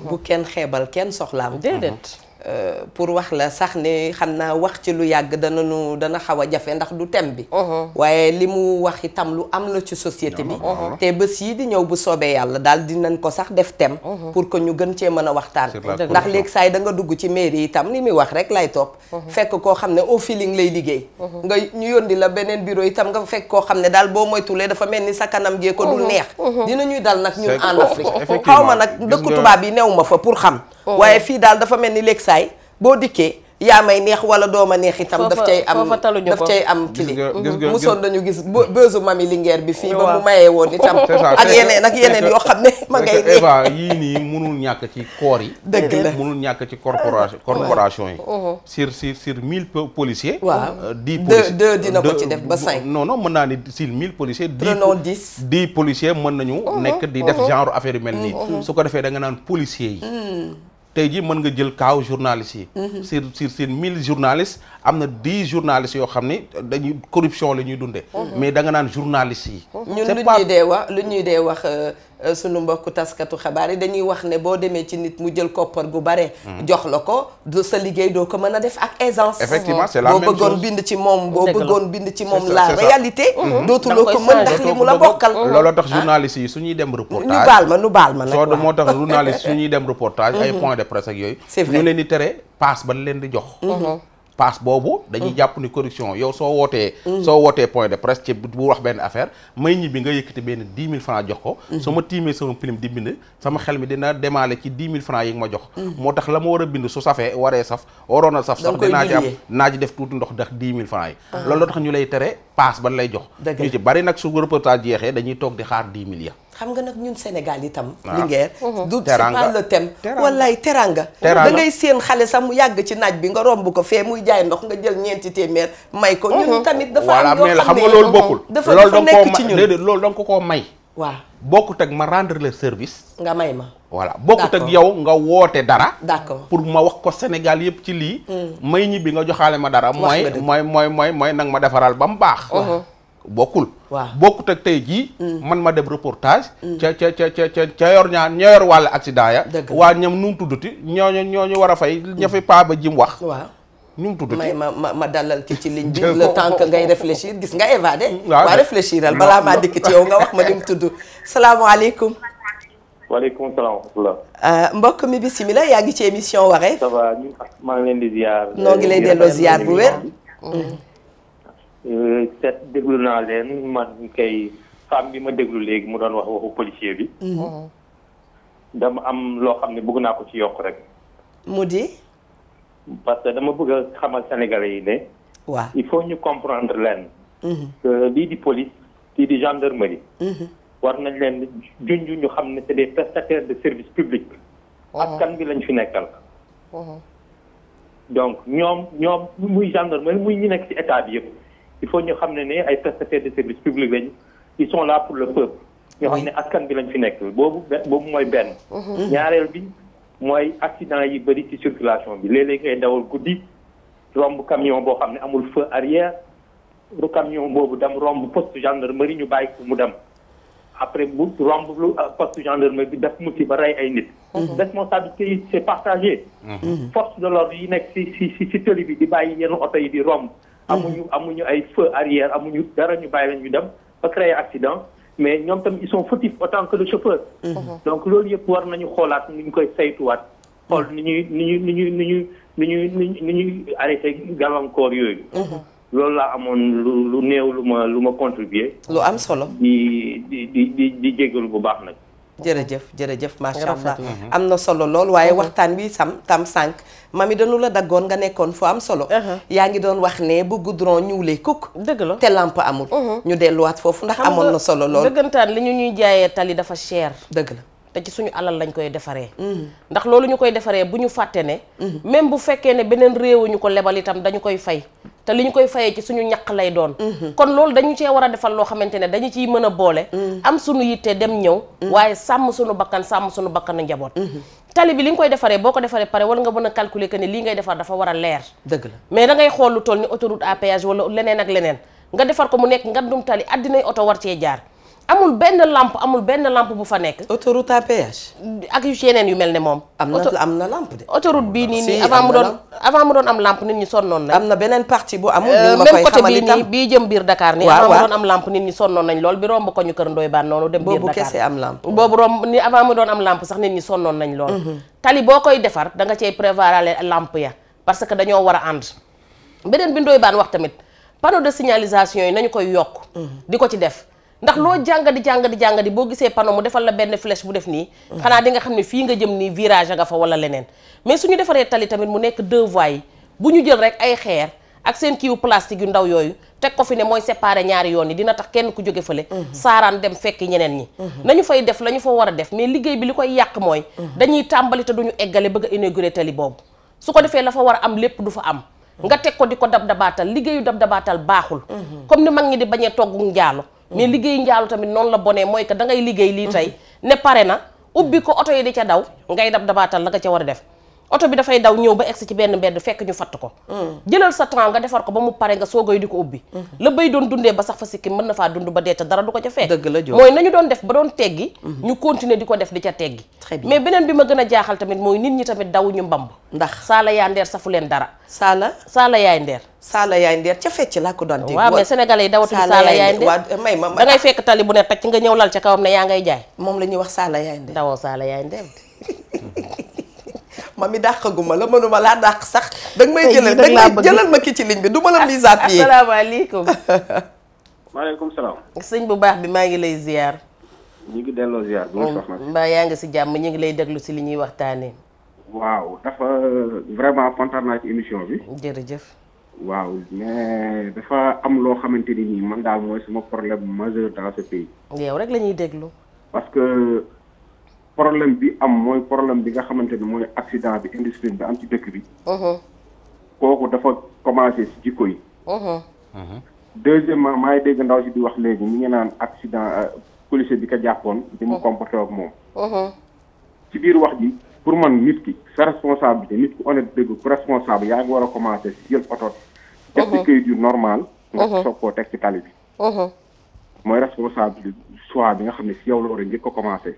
Speaker 1: bu kenn xeebal kenn soxlaam déedéet mm-hmm. Euh, pour wax la sax ni xam naa wax ci lu yàgg dana nu dana xaw a jafe ndax du thème bi uh-huh. waaye li mu wax itam lu am la ci société bi te bés yi di ñëw bu soobee yàlla daal dinañ ko sax def tem uh-huh. pour que ñu gën cee mën a waxtaan ndax léegi saa yi danga dugg ci mairie itam li muy wax rek lay topp uh-huh. fekk koo xam ne au feeling lay liggéey nga ñu yóndi la beneen bureau itam nga fekk koo xam ne daal boo moytulee dafa mel ni sa kanam gee ko dul neex dina ñuy dal nag ñun en pour xam Oh. waaye fii daal dafa mel ni léeg saay boo dikkee yaa may neex wala doo ma neex itam daf cay am daf cay am kili mosoon mhm. nañu gis beesu mami lingeer bi fii ba mu mayee woon itam ak yeneen ak yeneen yoo xam ne ma ngay ne
Speaker 4: yii nii mënul ñàkk ci corps yi dëgg la mënul ñàkk ci corporation corporation yi uh-huh. sur sur sur mille policiers waaw euh, dix deux dina ko ci def ba cinq noonu mën naa ni sur mille policiers prenons dix dix policiers mën nañu uh-huh. nekk di uh-huh. def genre affaire yi mel nii su ko defee da nga naan policiers yi hmm. tey jii mën nga jël kaaw journalistes yi mhm. sur sur seen mille journalistes am na dix journalistes yoo xam ne dañuy corruption la ñuy dundee. Mhm. mais da nga naan journalistes yi.
Speaker 1: Mhm. ñun lu ñuy dee wax lu ñuy dee wax euh, sunu mbokku taskatu xabaar yi dañuy wax ne boo demee ci nit mu jël koppar gu bare. Mhm. jox la ko du sa liggéey doo ko mën a def ak aisance. effectivement c'est la même boo bëggoon bind ci moom boo bëggoon bind ci moom la réalité. dootuloo ko mën ndax li mu la bokkal. looloo
Speaker 4: tax ah. journalistes yi su ñuy dem reportage. ñu baal ma ñu baal ma nag moo tax journalistes su ñuy dem reportage. ay point de presse ak yooyu. c'est leen di tere passe ba leen di jox. passe boobu dañuy jàpp ni corruption yow soo wootee soo wootee point de presse ci bu wax benn affaire may ñibbi nga yëkkati benn dix mille francs jox ko su ma tiimee sama pilim di bind sama xel mi dina demaale ci dix mille francs yi nga moo tax la ma war a bind su safee waree saf waroon a saf sax dinaa ci am naa ci def tuuti ndox ndax dix mille francs yi ah. loolu la tax ñu lay tere passe ban lay jox ñu ci bari nag su reportage jeexee dañuy toog di xaar dix mille ya
Speaker 1: xam nga nag ñun Sénégal itam. waaw ah. Linguère mhm. du c'est pas le thème. wallaay teranga da ngay seen xale sax mu yàgg ci naaj bi nga romb ko fee muy jaay ndox nga jël ñeenti téeméer may ko. ñun mhm. tamit dafa am yoo xam nga loolu bokkul. dafa
Speaker 4: dafa nekk ci ñun loolu da nga ko koo may. waaw bokkut ak ma rendre le service. nga may ma. voilà bokkut ak yow nga woote dara. d'accord pour ma wax ko Sénégal yëpp ci lii. Mm. may ñibbi nga joxaale ma dara. mooy mooy mooy mooy mooy nag ma defaral ba mu baax. bokkul. waaw bokkut ak tey jii. Mm. man ma dem reportage. Mm. ca ca ca ca ca yor ñaar ña yor wàll accident ya. waa ñam nu ñoo tuddati ñooñu ñooñu war a fay. ña mm. fi paa ba jim wax. waaw
Speaker 3: ñu mu tuddati. may
Speaker 1: ma ma ma dalal ki ci ligne bi. le temps que ngay
Speaker 4: réfléchir gis nga évadé.
Speaker 3: waaw réfléchiral balaa maa dikk ci yow nga wax
Speaker 1: ma ni mu tudd. salaamaaleykum. waaleykum wa rahmatulah. Ah, mbokk mi bisimilah yaa ngi ci émission Wareef. ça ngi
Speaker 3: leen lay delloo ziar bu wér. Euh, te déglu naa leen man kay femme bi ma déglu léegi mu doon wax waxu policier bi. Mhm. Oh. dama am loo xam ne bëgg naa ko ci yokk rek. mu di. parce que dama bëgg xamal sénégalais yi ne. waa il faut ñu comprendre leen. Mhm. que lii di police lii di gendarmerie. Mhm. war nañ leen junj ñu xam ne c'est des prestataires de service public. Oh. askan bi lañ fi nekkal. Oh. donc ñoom ñoom muy gendarmerie muy ñu nekk ci état bi yëpp. il faut ñu xam ne ne ay prestataires de service public lañ ils sont là pour le peuple ñoo xam ne askan bi lañ fi nekk boobu boobu mooy benn mhm. ñaareel bi mooy accident yi bëri ci circulation bi léeg-léeg ngay dawal guddi romb camion boo xam ne amul feu arrière lu camion boobu dem romb poste gendarmerie ñu bàyyi ko mu dem après bu romb lu euh, poste gendarmerie bi def musi ba rey ay nit mhm. Mhm. responsabilité yi c'est partagé force de l'ordre yi nekk si si si tëli bi di bàyyi yenn oto di romb amuñu amuñu ay feu arrière amuñu dara ñu bàyyi leen ñu dem ba créer accident mais ñoom tam ils sont fautifs autant que le chauffeur mhm. donc loolu yëpp war nañu xoolaat ni ñu koy saytuwaat xool ni ñuy ni ñuy ni ñuy ni ñuy ni ñuy ni ñuy arrêté yooyu mhm. loolu laa amoon lu lu néew lu ma lu ma contribuer lu am solo di di di di di bu baax nag jërëjëf jërëjëf
Speaker 1: macha allah am na solo lool waaye mhm. waxtaan wi sam tam sànq mami danu la daggoon nga nekkoon fu am solo uh-huh. yaa ngi doon wax ne bu goudron ñuulee kukk dëgg la te làmp amul mhm. ñu delluwaat foofu ndax amoon na solo lool
Speaker 2: dëggantaan li ñu ñuy jaayee tali dafa cher dëgg la te ci suñu alal lañ koy defaree mm-hmm. ndax loolu ñu koy defaree bu ñu fàtte ne mm-hmm. même bu fekkee ne beneen réew ñu ko lebal itam dañu koy fay te li ñu koy fayee ci suñu ñaq lay doon mm-hmm. kon loolu dañu cee war a defal loo xamante ne dañu ciy mën a boole am suñu yitte dem ñëw waaye sàmm suñu bakkan sàmm suñu bakkan njaboot tali bi li nga koy defaree boo ko defaree pare war nga mën a calculer que ne lii ngay defar dafa war a leer dëgg mais da ngay xool lu toll ni autoroute à péage leneen ak leneen nga defar ko mu nekk nga dum tali oto war cee jaar amul benn làmp amul benn làmp bu fa nekk. autoroute à péage. ak yu yeneen yu mel ne moom. am na am na lampe de. autoroute bii nii nii avant mu doon avant mu doon am lampe nit ñi sonnoon nañ. am na beneen partie bu amul. Euh, ñu ma bii jëm biir Dakar nii. waaw avant mu doon am lampe nañ lool bi romb ko ñu kër Ndoye Bane noonu dem. biir Dakar boobu kese am romb ni avant mu doon am lampe sax nit ñi sonnoon nañ lool. Mhm. tali boo koy defar danga nga cay prévoir lampe ya parce que dañoo war a ànd. beneen bi Ndoye Bane wax tamit panneau de signalisation yi nañu koy yokk mhm. di ko ci def ndax loo jàngadi jàngadi jàngadi boo gisee panneau mu defal la benn flèche bu def nii xanaa di nga xam ne fii nga jëm nii virage nga fa wala leneen mais ñu defaree tali tamit mu nekk deux voies yi bu ñu jël rek ay xeer ak seen kiiw plastique yu ndaw yooyu teg ko fi ne mooy séparé ñaari yoon yi dina tax kenn ku jóge fële mhm. saaraan dem fekki ñeneen ñi mhm. nañu fay def la ñu fa war a def mais liggéey bi li koy yàq mooy mhm. dañuy tàmbali te duñu eggale bëgg a tali boobu su ko defee la war a am lépp du fa am nga teg ko di ko dab dabaatal liggéeyu dab dabaatal baaxul comme ni mag ñi di bañee toggu njaalo mais liggéey njaalu tamit noonu la bonee mooy que da ngay liggéey lii tey ne pare na ubbi ko oto yi di ca daw ngay dab dabaatal la nga ca war a def oto bi dafay daw ñëw ba egsi ci benn mbedd fekk ñu fatt
Speaker 6: ko hmm.
Speaker 2: jëlal sa temps nga defar ko ba mu pare nga soogay di ko ubbi hmm. la bay doon dundee ba sax fa sikki mën na faa dund ba dee te dara du ko ca fekk la mooy nañu doon def ba doon teggi hmm. ñu continuer di ko def di ca teggi mais beneen bi ma gën a jaaxal tamit mooy nit ñi tamit daw ñu mbamb ndax saala yaa ndeer safu leen dara saala saala yaay ndeer saala yaay ndeer ca fecc laa doon dégg waaw mais sénégalais yi dawatuñu saala yaay ndeer may ma da ngay fekk tali bu ne tacc nga ñëw lal ca kawam ne yaa ngay jaay moom wax saala yaay ndeer dawoo saala yaay
Speaker 1: ndeer ma mi dàqaguma la mënuma laa dàq sax danga may jëlal danga may jëlal ma ki ci ligne bi du ma la mise à pied asalaamaaleykum maaleykum
Speaker 2: salaam sëñ bu baax bi maa ngi lay ziar ñu ngi delloo ziar bu soxna oh, mbaa yaa ngi si jàmm
Speaker 7: ñu ngi lay déglu si li ñuy waxtaanee waaw dafa vraiment kontaan naa ci émission bi jërëjëf waaw mais dafa am loo xamante ni man daal mooy suma problème majeur dans ce pays yow rek la ñuy parce que problème bi am mooy problème bi nga xamante ni mooy accident bi indiscipline bi am ci dëkk bi. Uh-huh. kooku dafa commencé si jikko yi.
Speaker 6: Uh-huh. Uh-huh.
Speaker 7: deuxièmement maa ngi dégg ndaw si di wax léegi mu ngi naan accident euh, policier bi ko jàppoon. bi mu comporté ak moom. ci biir wax ji pour man nit ki sa responsabilité nit ku honnête dëgg ku responsable yaa ngi war a commencé si jël oto. teg ci këyit normal. nga soog koo teg ci tali bi. mooy responsable choix bi nga xam ne si yow la war ko commencé.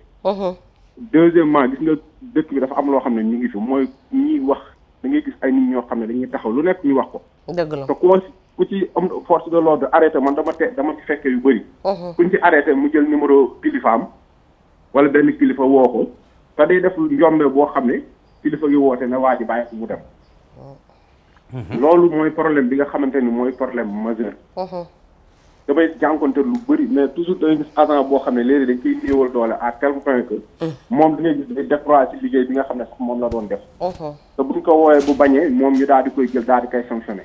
Speaker 7: deuxièmement gis nga dëkk bi dafa am loo xam ne ñu ngi fi mooy ñuy wax da ngay gis ay nit ñoo xam ne dañuy taxaw lu nekk ñu wax ko. dëgg la te ku ku ci am force de l'ordre arrêté man dama te dama ci fekke yu bëri.
Speaker 6: Mhm.
Speaker 2: kuñ
Speaker 7: ci arrêté mu jël numéro kilifaam wala benn kilifa woo ko te day def njombe boo xam ne kilifa gi woote na waa ji bàyyi ko mu dem. Mhm. Mhm. loolu mooy problème bi nga xamante ni mooy problème majeur. damay jànkonte lu bari mais toujours da gis agent boo xam ne léegi dañ koy néewal doole à tel point mm. moom da ngay ci liggéey bi nga xam ne sax moom la doon def. te buñ ko woowee bu bañee moom ñu daal di koy jël daal di koy sanctionné.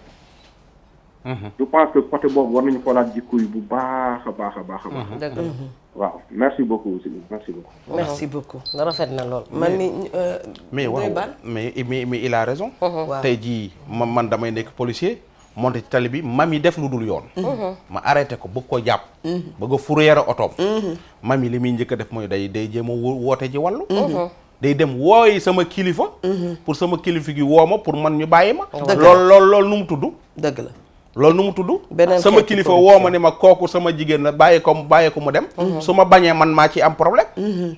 Speaker 7: Mm-hmm. je pense que côté boobu war nañu xoolaat jikko yi bu baax
Speaker 4: a baax a baax a baax. Mm-hmm. Mm-hmm. waaw merci beaucoup aussi merci beaucoup. merci
Speaker 2: beaucoup rafet na
Speaker 4: lool. man ni
Speaker 6: euh,
Speaker 2: mais waaw
Speaker 4: mais mais il a raison. tey jii man man damay nekk policier. monté ci tali bi mam yi def lu dul yoon ma arrêté ko bëgg ko jàpp bëgg a fourrière otoom mam yi li muy njëkk a def mooy day day jéem a woote ji wàllu day dem wooyi sama kilifa pour sama kilifa gi woo ma pour man ñu bàyyi ma lool lool loolu nu mu tudd dëgg la loolu nu mu tudd sama kilifa woo ma ne ma kooku sama jigéen la bàyyi ko bàyyi ko mu dem mhm. su ma bañee man maa ci am problème mhm.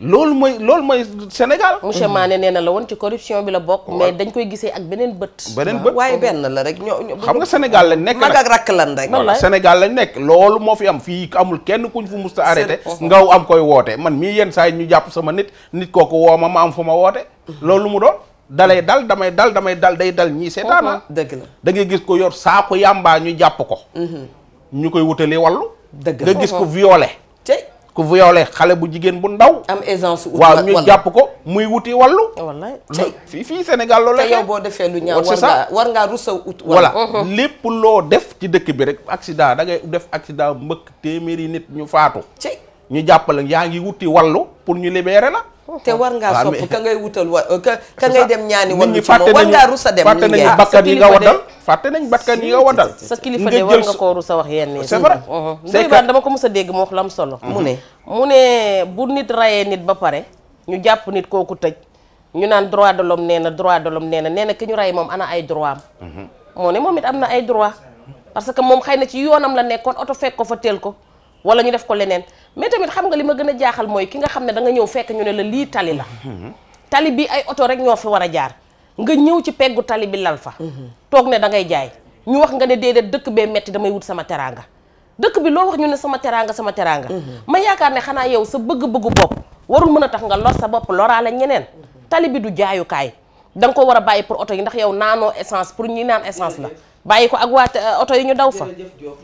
Speaker 4: loolu mooy loolu mooy Sénégal. monsieur Mané
Speaker 2: nee na la woon ci corruption bi la bokk. mais dañ koy gisee ak beneen bët. beneen bët
Speaker 4: rek xam nga Sénégal lañ nekk nag mag ak rakk lan rek. voilà Sénégal lañ nekk loolu moo fi am fii amul kenn kuñ fu musta arrêté. ngaw am koy woote man mii yenn saa yi ñu jàpp sama nit nit kooku woo ma ma am fu ma woote. loolu mu doon dalay dal damay dal damay dal day dal ñii seetaana. dëgg la da ngay gis ko yor saako yàmbaa ñu jàpp ko. Mhm. ñu koy wutalee wallu. dëgg la nga gis ku violé xale bu jigéen bu ndaw. am aisance waaw ñu jàpp ko muy wuti wàllu. wallaay tey fii Sénégal loolu la. te yow boo defee lu ñaaw war ngaa war ngaa rusa ut. voilà uh-huh. lépp loo def ci dëkk bi rek accident da ngay def accident mbëkk téeméeri nit ñu faatu. ci ñu jàpp la yaa ngi wuti wàllu pour ñu libérer la. Oh, te oh. war ngaa sopp ka ngay wutal wa ka ngay dem ñaani wallu ci moom war ngaa rusa dem fàtte nañu bakkan yi nga waddal fàtte nañ bakkan yi nga waddal sa kilifa de war nga koo
Speaker 2: rusa wax yenn yi c'est vrai
Speaker 4: mm-hmm.
Speaker 2: dama ko mës a dégg mu wax lu am solo mm-hmm. mu ne mu ne bu nit rayee nit ba pare ñu jàpp nit kooku tëj ñu naan droit de l'homme nee na droit de l'homme nee na nee na ki ñu rey moom ana ay droit mm-hmm. moo ne moom it am na ay droit parce que moom xëy na ci yoonam la nekkoon oto fekk ko fa teel ko wala ñu def ko leneen mais tamit xam nga li ma gën a jaaxal mooy ki nga xam ne danga ñëw fekk ñu ne la lii tali la tali bi ay oto rek ñoo fi war a jaar nga ñëw ci peggu tali bi lal fa toog ne da ngay jaay ñu wax nga ne déedéet dëkk bee metti damay wut sama teraanga dëkk bi loo wax ñu ne sama teraanga sama teraanga ma yaakaar ne xanaa yow sa bëgg-bëggu bopp warul mën a tax nga lor sa bopp loraale ñeneen tali bi du jaayukaay da ko war a bàyyi pour oto yi ndax yow naanoo essence pour ñi naan essence la bàyyi ko ak waat euh, oto yi ñu daw fa.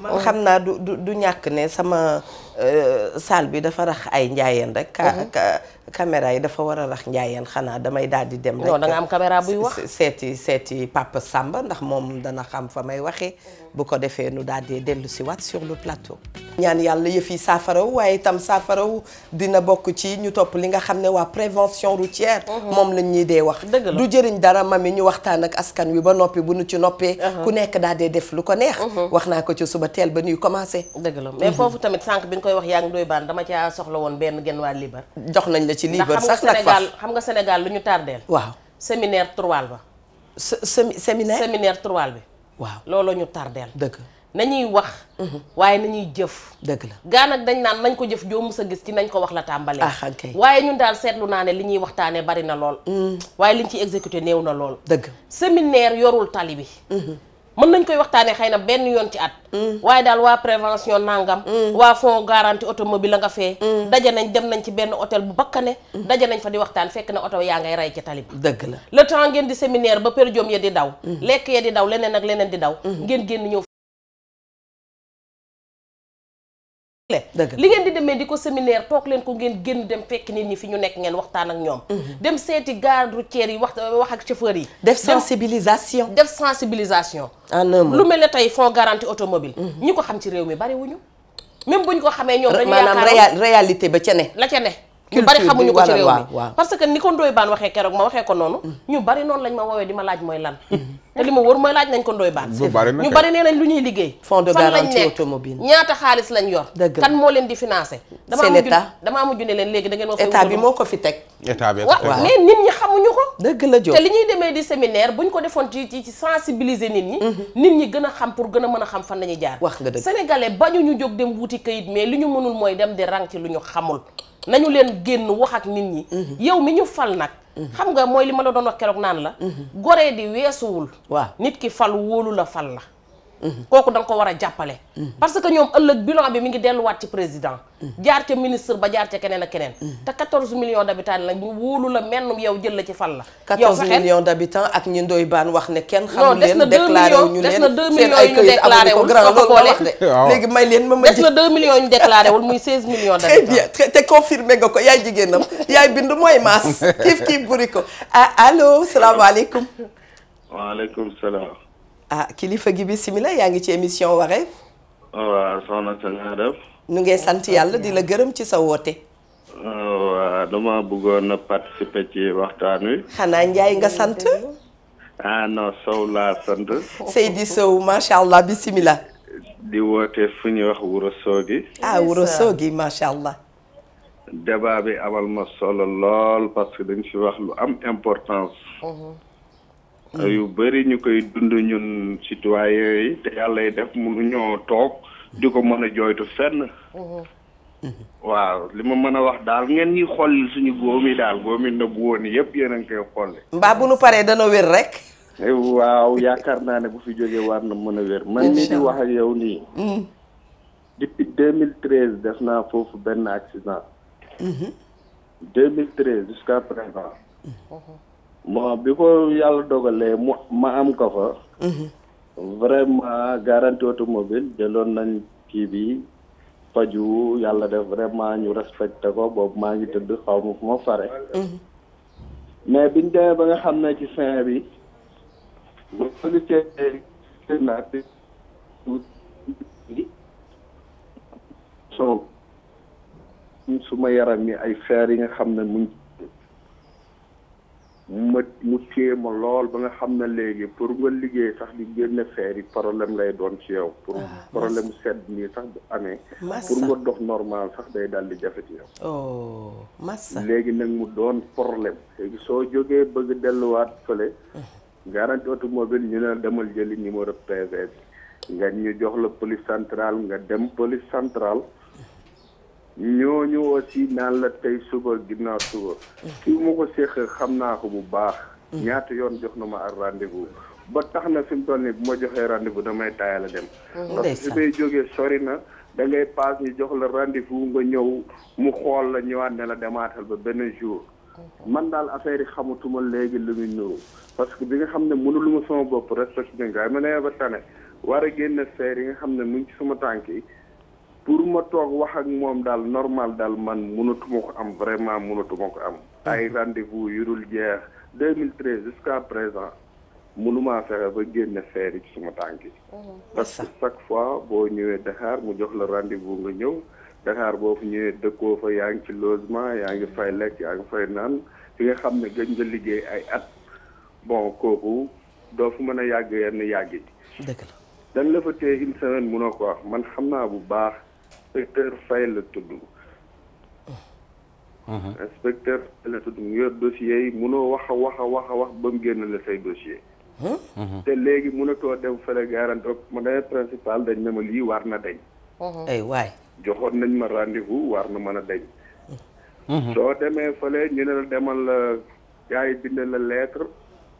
Speaker 1: man oh. xam naa du du ñàkk ne sama euh, salle bi dafa rax ay njaayeen rek. Mhm. ka caméra yi dafa war a rax njaayeen xanaa damay daal di dem. rek non am caméra buy wax seeti seeti Papa Samba ndax moom dana xam fa may waxee. Oh. bu ko defee nu daal dee dellu si waat sur le plateau. ñaan yàlla yëf yi saafaraw waaye itam saafaraw dina bokk ci ñu topp li nga xam ne waa prévention routière mhm. moom lañ ñuy dee wax du jëriñ dara mami ñu waxtaan ak askan wi ba noppi bu nu ci noppee mhm. ku nekk daal dee def lu ko neex mhm. wax naa ko ci suba teel ba nuy commencé dëgg la mais foofu
Speaker 2: tamit sànq bi nga koy wax yaa ngi doy baan dama caa soxla woon benn genn waa liibar
Speaker 1: jox nañ la ci liibar sax nag faf
Speaker 2: xam nga Sénégal lu ñu tardeel waaw séminaire trois ba séminaire séminaire trois bi waaw looloo ñu tardeel dëgg nañuy wax mhm. waaye nañuy jëf dëgg la gaa dañ naan nañ ko jëf joo sa gis ci nañ ko wax la tàmbalee ah, waaye ñun daal seetlu naa ne li ñuy waxtaanee bari na lool mm. waaye li liñ ci exécuté néew na lool dëgg séminaire yorul tali bi mhm. mën nañ koy waxtaanee xay na benn yoon ci at mm. waaye daal waa prévention nangam mm. waa fonds garantie automobile la nga fee mm. daje nañ dem nañ ci benn hôtel bu bakkane daja nañ fa di waxtaan fekk na oto yaa ngay rey ca tali dëgg la le temps ngeen di séminaire ba pér joom ya di daw lekk ya di daw leneen ak leneen di daw ngeen génn ñëw li ngeen di demee di ko séminaire toog leen ko ngeen génn dem fekk nit ñi fi ñu nekk ngeen waxtaan ak ñoom mhm. dem seeti garde routière yi wax wax ak chauffeur yi def sensibilisation def sensibilisation lu mel ne tey fonds garantie automobile mhm. ñi ko xam ci réew mi bari wuñu bu buñ ko xamee ñoom dañu yaakaar maanaam
Speaker 1: réalité ba ca ne
Speaker 2: la ca ne ñu bari xamuñu ko ci réew mi parce que ni ko Ndoye Bane waxee keroog ma waxee ko noonu mm. ñu bari noonu lañ ma woowee di ma laaj mooy lan mm-hmm. te li ma wóor mooy laaj nañ ko Ndoye lu ñuy liggéey fond de garantie automobile ñaata xaalis lañ yor kan moo leen di financé damaa mujj damaa mujj ne leen léegi da ngeen ma état moo ko
Speaker 1: fi teg
Speaker 4: état bi waaw mais nit
Speaker 2: ñi
Speaker 1: xamuñu ko
Speaker 4: dëgg te li
Speaker 2: ñuy demee di séminaire ñu ko defoon ci ci sensibiliser nit ñi mm-hmm. nit ñi gën a xam pour gën a mën a xam fan lañuy jaar wax nga dëgg sénégalais bañu ñu jóg dem wuti kayit mais li ñu mënul mooy dem di rang ci lu ñu xamul nañu leen génn wax ak nit ñi. Mhm. yow mi ñu fal nag. Mhm. xam nga mooy li ma la doon wax keroog naan la. Mhm. gore di weesuwul. waaw nit ki fal wóolu la fal la. kooku da nga ko war a jàppale mm-hmm. parce que ñoom ëllëg bilan bi mi ngi delluwaat ci président mm-hmm. jaar ca ministre ba jaar ca keneen ak keneen mm-hmm. te 14 million d'habitants la ñu wóolu la mennum yow jël la ci fal la 14 millions
Speaker 1: d'habitants ak ñu ndoy baan wax ne kenn xamul leen déclaré wu ñu leen des na 2 millions yu ñu déclaré wul soo ko na 2 millions yu ñu déclaré wul muy très bien te confirmé nga ko yaay jigéenam yaay bind mooy maas kiif kiif buri ko ah allo salaamaaleykum
Speaker 7: waaleykum salaam
Speaker 1: ah kilifa gi bisimilah yaa ngi ci émission wareef.
Speaker 7: waaw soxna sa nga def.
Speaker 1: ñu ngay sant yàlla di la gërëm ci sa woote.
Speaker 7: waaw dama bëggoon participer ci waxtaan wi.
Speaker 1: xanaa Ndiaye nga sant.
Speaker 7: ah non Sow laa sant.
Speaker 1: Seydi Sow macha allah bisimilah.
Speaker 7: di woote fu ñuy wax Wuro Sogi. ah Wuro Sogi
Speaker 1: macha allah.
Speaker 7: débat bi amal ma solo lool parce que dañ fi wax lu am importance. Mm-hmm. yu mm. bëri ñu koy dund ñun citoyen yi te yàlla def ñoo toog di ko mën a jooytu fenn. Mm-hmm. waaw li ma mën a wax daal ngeen ñuy xollil suñu góom yi daal góom yi bu woon yëpp yéen a ngi koy xolli. mbaa bu nu paree dana wér rek. Eh, waaw yaakaar naa ne bu fi jógee war na mën a wér. man ni di wax ak yow nii. Mm. depuis 2013 def naa foofu benn accident. 2013 mm-hmm. jusqu'à présent. Mm. bon bi ko yàlla dogalee mu ma am ko fa. Mhm. vraiment garantie automobile jëloon nañ kii bi faju yàlla def vraiment ñu respecté ko boobu maa ngi tëdd xaw ma fu ma fare. Mhm. mais biñ demee ba nga xam ne ci fin bi. bu fekkee so suma yaram yi ay feer yi nga xam ne mu mu ma mu téye ma lool ba nga xam na léegi pour nga liggéey sax di génne feer yi problème lay doon ci yow. pour ah, problème sedd nii sax bu amee. pour nga dox normal sax day dal di jafe ci yow. Oh, léegi nag mu doon problème. léegi soo jógee bëgg delluwaat fële. Mm-hmm. garantie automobile ñu ne demal jëli numéro PV bi. nga ñu jox la police centrale nga dem police centrale. ñooñu aussi naan la tey suba ginnaaw suba. kii ma ko seq xam naa ko bu baax. ñaata yoon jox na ma ak rendez ba tax na fi mu toll nii bu ma joxee rendez-vous damay taayal a dem. Mm. parce que fi may sori na da ngay paas jox la rendez nga ñëw mu xool la ñëwaat ne la demaatal ba benn jour. Mm-hmm. man daal affaire yi xamatuma léegi lu muy nuru parce que bi nga xam ne ma sama bopp respecté nga ma ne ba tane war a génn affaire yi nga xam ne mu ci sama tànk yi. pour ma toog wax ak moom daal normal daal man mënatuma ko am vraiment mënatuma ko am. Mhm. ay rendez-vous yu dul jeex 2013 jusqu'à présent mënumaa fexe ba génne feer yi suma tànk yi. Mhm. parce que chaque fois boo ñëwee Dakar mu jox la rendez-vous nga ñëw. Dakar boo fu ñëwee dëkkoo fa yaa ngi ci logement yaa ngi fay lekk yaa ngi fay naan fi nga xam ne gëj nga liggéey ay at bon kooku doo fu mën a yàgg yenn yàgg yi. dëgg la une semaine mënoo ko wax man xam naa bu baax. inspecteur fay la tudd. Uh-huh. inspecteur Faye la tudd mu yor dossiers yi munoo wax a wax a wax a wax ba mu génn la say dossier uh-huh. te léegi munatoo dem fële garante ak ma ne principal dañ ne ma lii war na dañ. ay
Speaker 6: uh-huh. waay.
Speaker 7: joxoon nañ ma rendez-vous war na mën a dañ. soo demee fale ñu ne la demal la euh, gars yi bind la lettre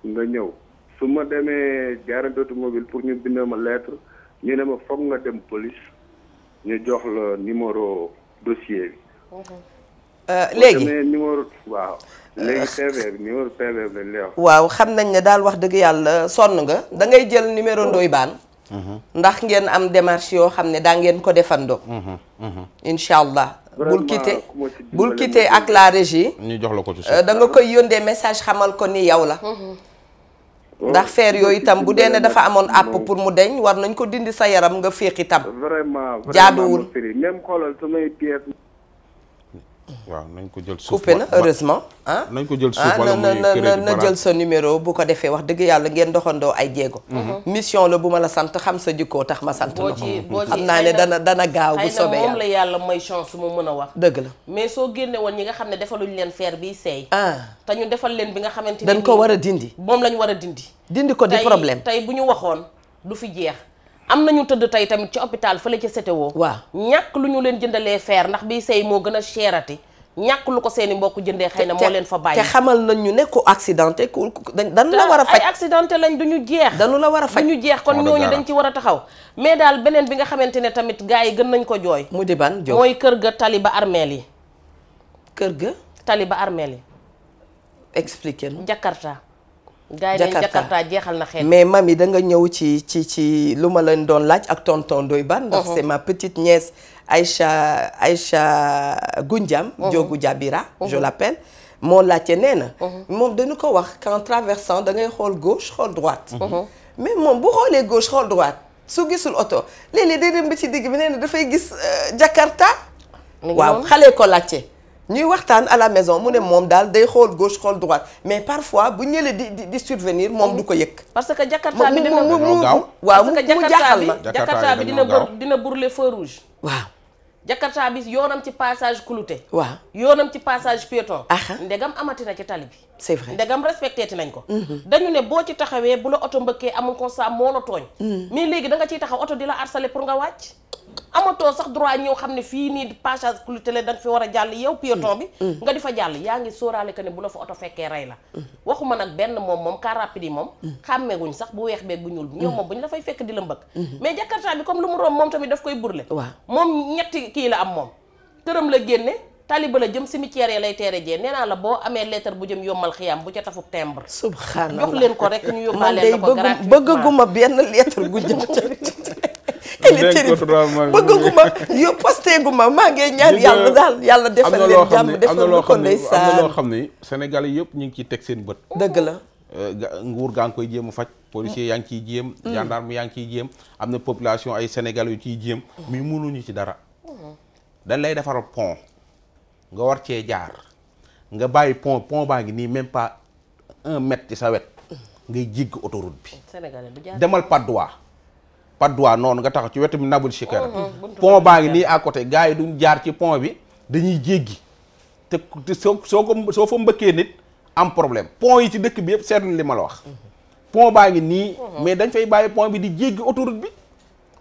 Speaker 7: nga ñëw su ma demee garante automobile pour ñu bind ma lettre ñu ne ma foog nga dem police. ñu jox la numéro dossier bi. Euh, léegi numéro euh, waaw.
Speaker 1: xam nañ ne daal wax dëgg yàlla sonn nga da ngay jël numéro oh. Ndoye Bane. Mhm. ndax ngeen am démarche yoo xam ne daa ngeen ko defandoo.
Speaker 7: Mhm,
Speaker 4: mhm.
Speaker 1: incha allah. bul quitté bul quitté ak la régie.
Speaker 4: ñu jox la ko ci euh,
Speaker 1: da nga koy yóndee message xamal ko ni yow la. ndax feer yooyu itam bu dee ne dafa amoon àpp pour mu deñ war nañ ko dindi sa yaram nga féexi tam. vraiment jaaduwul
Speaker 7: même xoolal samay pièces.
Speaker 4: waaw nañ ko jël suuf na heureusement ah nañ ko jël suuf ah, wala muy na na jël
Speaker 1: sa numéro bu ko defee wax dëgg yàlla ngeen doxandoo ay jéego mhm. Mhm. mission la bu ma la sant xam sa jikkoo tax ma sant la ko xam naa ne dana dana gaaw bu sobee yàlla moom
Speaker 2: la yàlla may chance mu mën a wax dëgg la mais soo génne woon ñi nga xam ne defaluñ leen feer bi seey ah te ñu defal leen bi nga xamante ni dañ ko war
Speaker 1: a dindi moom lañ war a dindi dindi ko di problème tey
Speaker 2: bu ñu waxoon du fi jeex am nañu tëdd tey tamit ci hôpital fële ca CTO. waaw ñàkk lu ñu leen jëndalee feer ndax bi sey moo gën a cherati ñàkk lu ko seeni mbokk jëndee xëy na moo leen fa bàyyi. te
Speaker 1: xamal nañ ñu ne ku accidenté ku dañ la war a faj ay
Speaker 2: accidenté lañ du ñu jeex. dañu la war a faj du ñu jeex kon ñooñu dañ ci war a taxaw. mais daal beneen bi nga xamante ne tamit gars yi gën nañ ko jooy. mu di
Speaker 1: ban jooy mooy
Speaker 2: kër ga ba armeel yi. kër ga. ba armeel yi. expliqué nu Jakarta jeexal na xeet mais
Speaker 1: mami da nga ñëw ci ci ci lu ma leen doon laaj ak tonton doy Bane ndax mhm. c'est ma petite nièce Aïcha Aïcha Goundiam mhm. Diogu Diabira je mhm. l'appelle moo laajte nee na moom dañu ko wax qu'en traversant da ngay xool gauche xool droite mais moom bu xoolee gauche xool droite su gisul oto léeg-léeg day dem ba ci digg bi nee dafay gis euh, Jakarta waaw xale ko laajte ñuy waxtaan à la maison mu ne moom daal day xool gauche xool droite mais parfois bu ñëlee di di survenir moom du ko yëg.
Speaker 2: parce que jakarta bi dina mu gaaw waaw mu jaaxal ma jakarta bi dina bur dina brûler feu rouge. waaw. jakarta bi yoonam ci passage clouté. waaw yoonam ci passage piéton. ndegam amati na ci tali bi.
Speaker 1: c'est vrai ndegam
Speaker 2: respecté ti nañ ko. Mhm. dañu ne boo ci taxawee bu la oto mbëkkee amul constat moo la tooñ. Mhm. mais léegi da nga ciy taxaw oto di la harcelé pour nga wàcc. amatoo sax droit ñëw xam ne fii nii passage clouté la da nga fi war a jàll yow piéton bi mm. Mm. nga di fa jàll yaa ngi sóoraale que ne bu la fa oto fekkee rey la mm. waxuma nag benn moom moom car rapide yi moom xàmmeeguñ sax bu weex beeg bu ñuul bi ñoom moom bu ñu la fay fekk di la mbëkk mm-hmm. mais jakarta bi comme lu mu romb moom tamit daf koy burle waaw moom ñetti kii la am moom këram la génne taliba la jëm cimetière ya lay teere jee nee naa la boo amee lettre bu jëm yombal
Speaker 1: xiyam bu ca tafuk timbre subhanallah jox leen ko rek ñu yóbbaaleen la ko gratuitement man day bëgguma benn lettre bu jëm ca
Speaker 4: elle est terrible bëggaguma
Speaker 1: yo gu ma maa ngi ñaan yàlla daal yàlla defal leen jàmm defal lu ko am na loo
Speaker 4: xam ne Sénégal yëpp ñu ngi ci teg seen bët dëgg la euh, nguur gaa ngi koy jéem faj policier yaa ngi ciy jéem mm. gendarme yaa ngi ciy jéem am na population ay Sénégal yu ci jéem mais mënuñu ci dara dañ lay defaral pont nga war cee jaar nga bàyyi pont pont baa ngi nii même pas un mètre ci sa wet mm. ngay jégg autoroute
Speaker 2: bi demal
Speaker 4: Patte d'Oie padduwaa noonu nga taxaw ci wetu nabul shikara mm-hmm.
Speaker 2: pont baa ngi nii à
Speaker 4: côté gars yi duñ jaar ci pont bi dañuy jéggi te soo soo ko soo fa mbëkkee nit am problème pont yi ci dëkk bi yëpp seetlu li ma la wax mm-hmm. pont baa ngi nii mm-hmm. mais dañ fay bàyyi pont bi di jéggi autoroute bi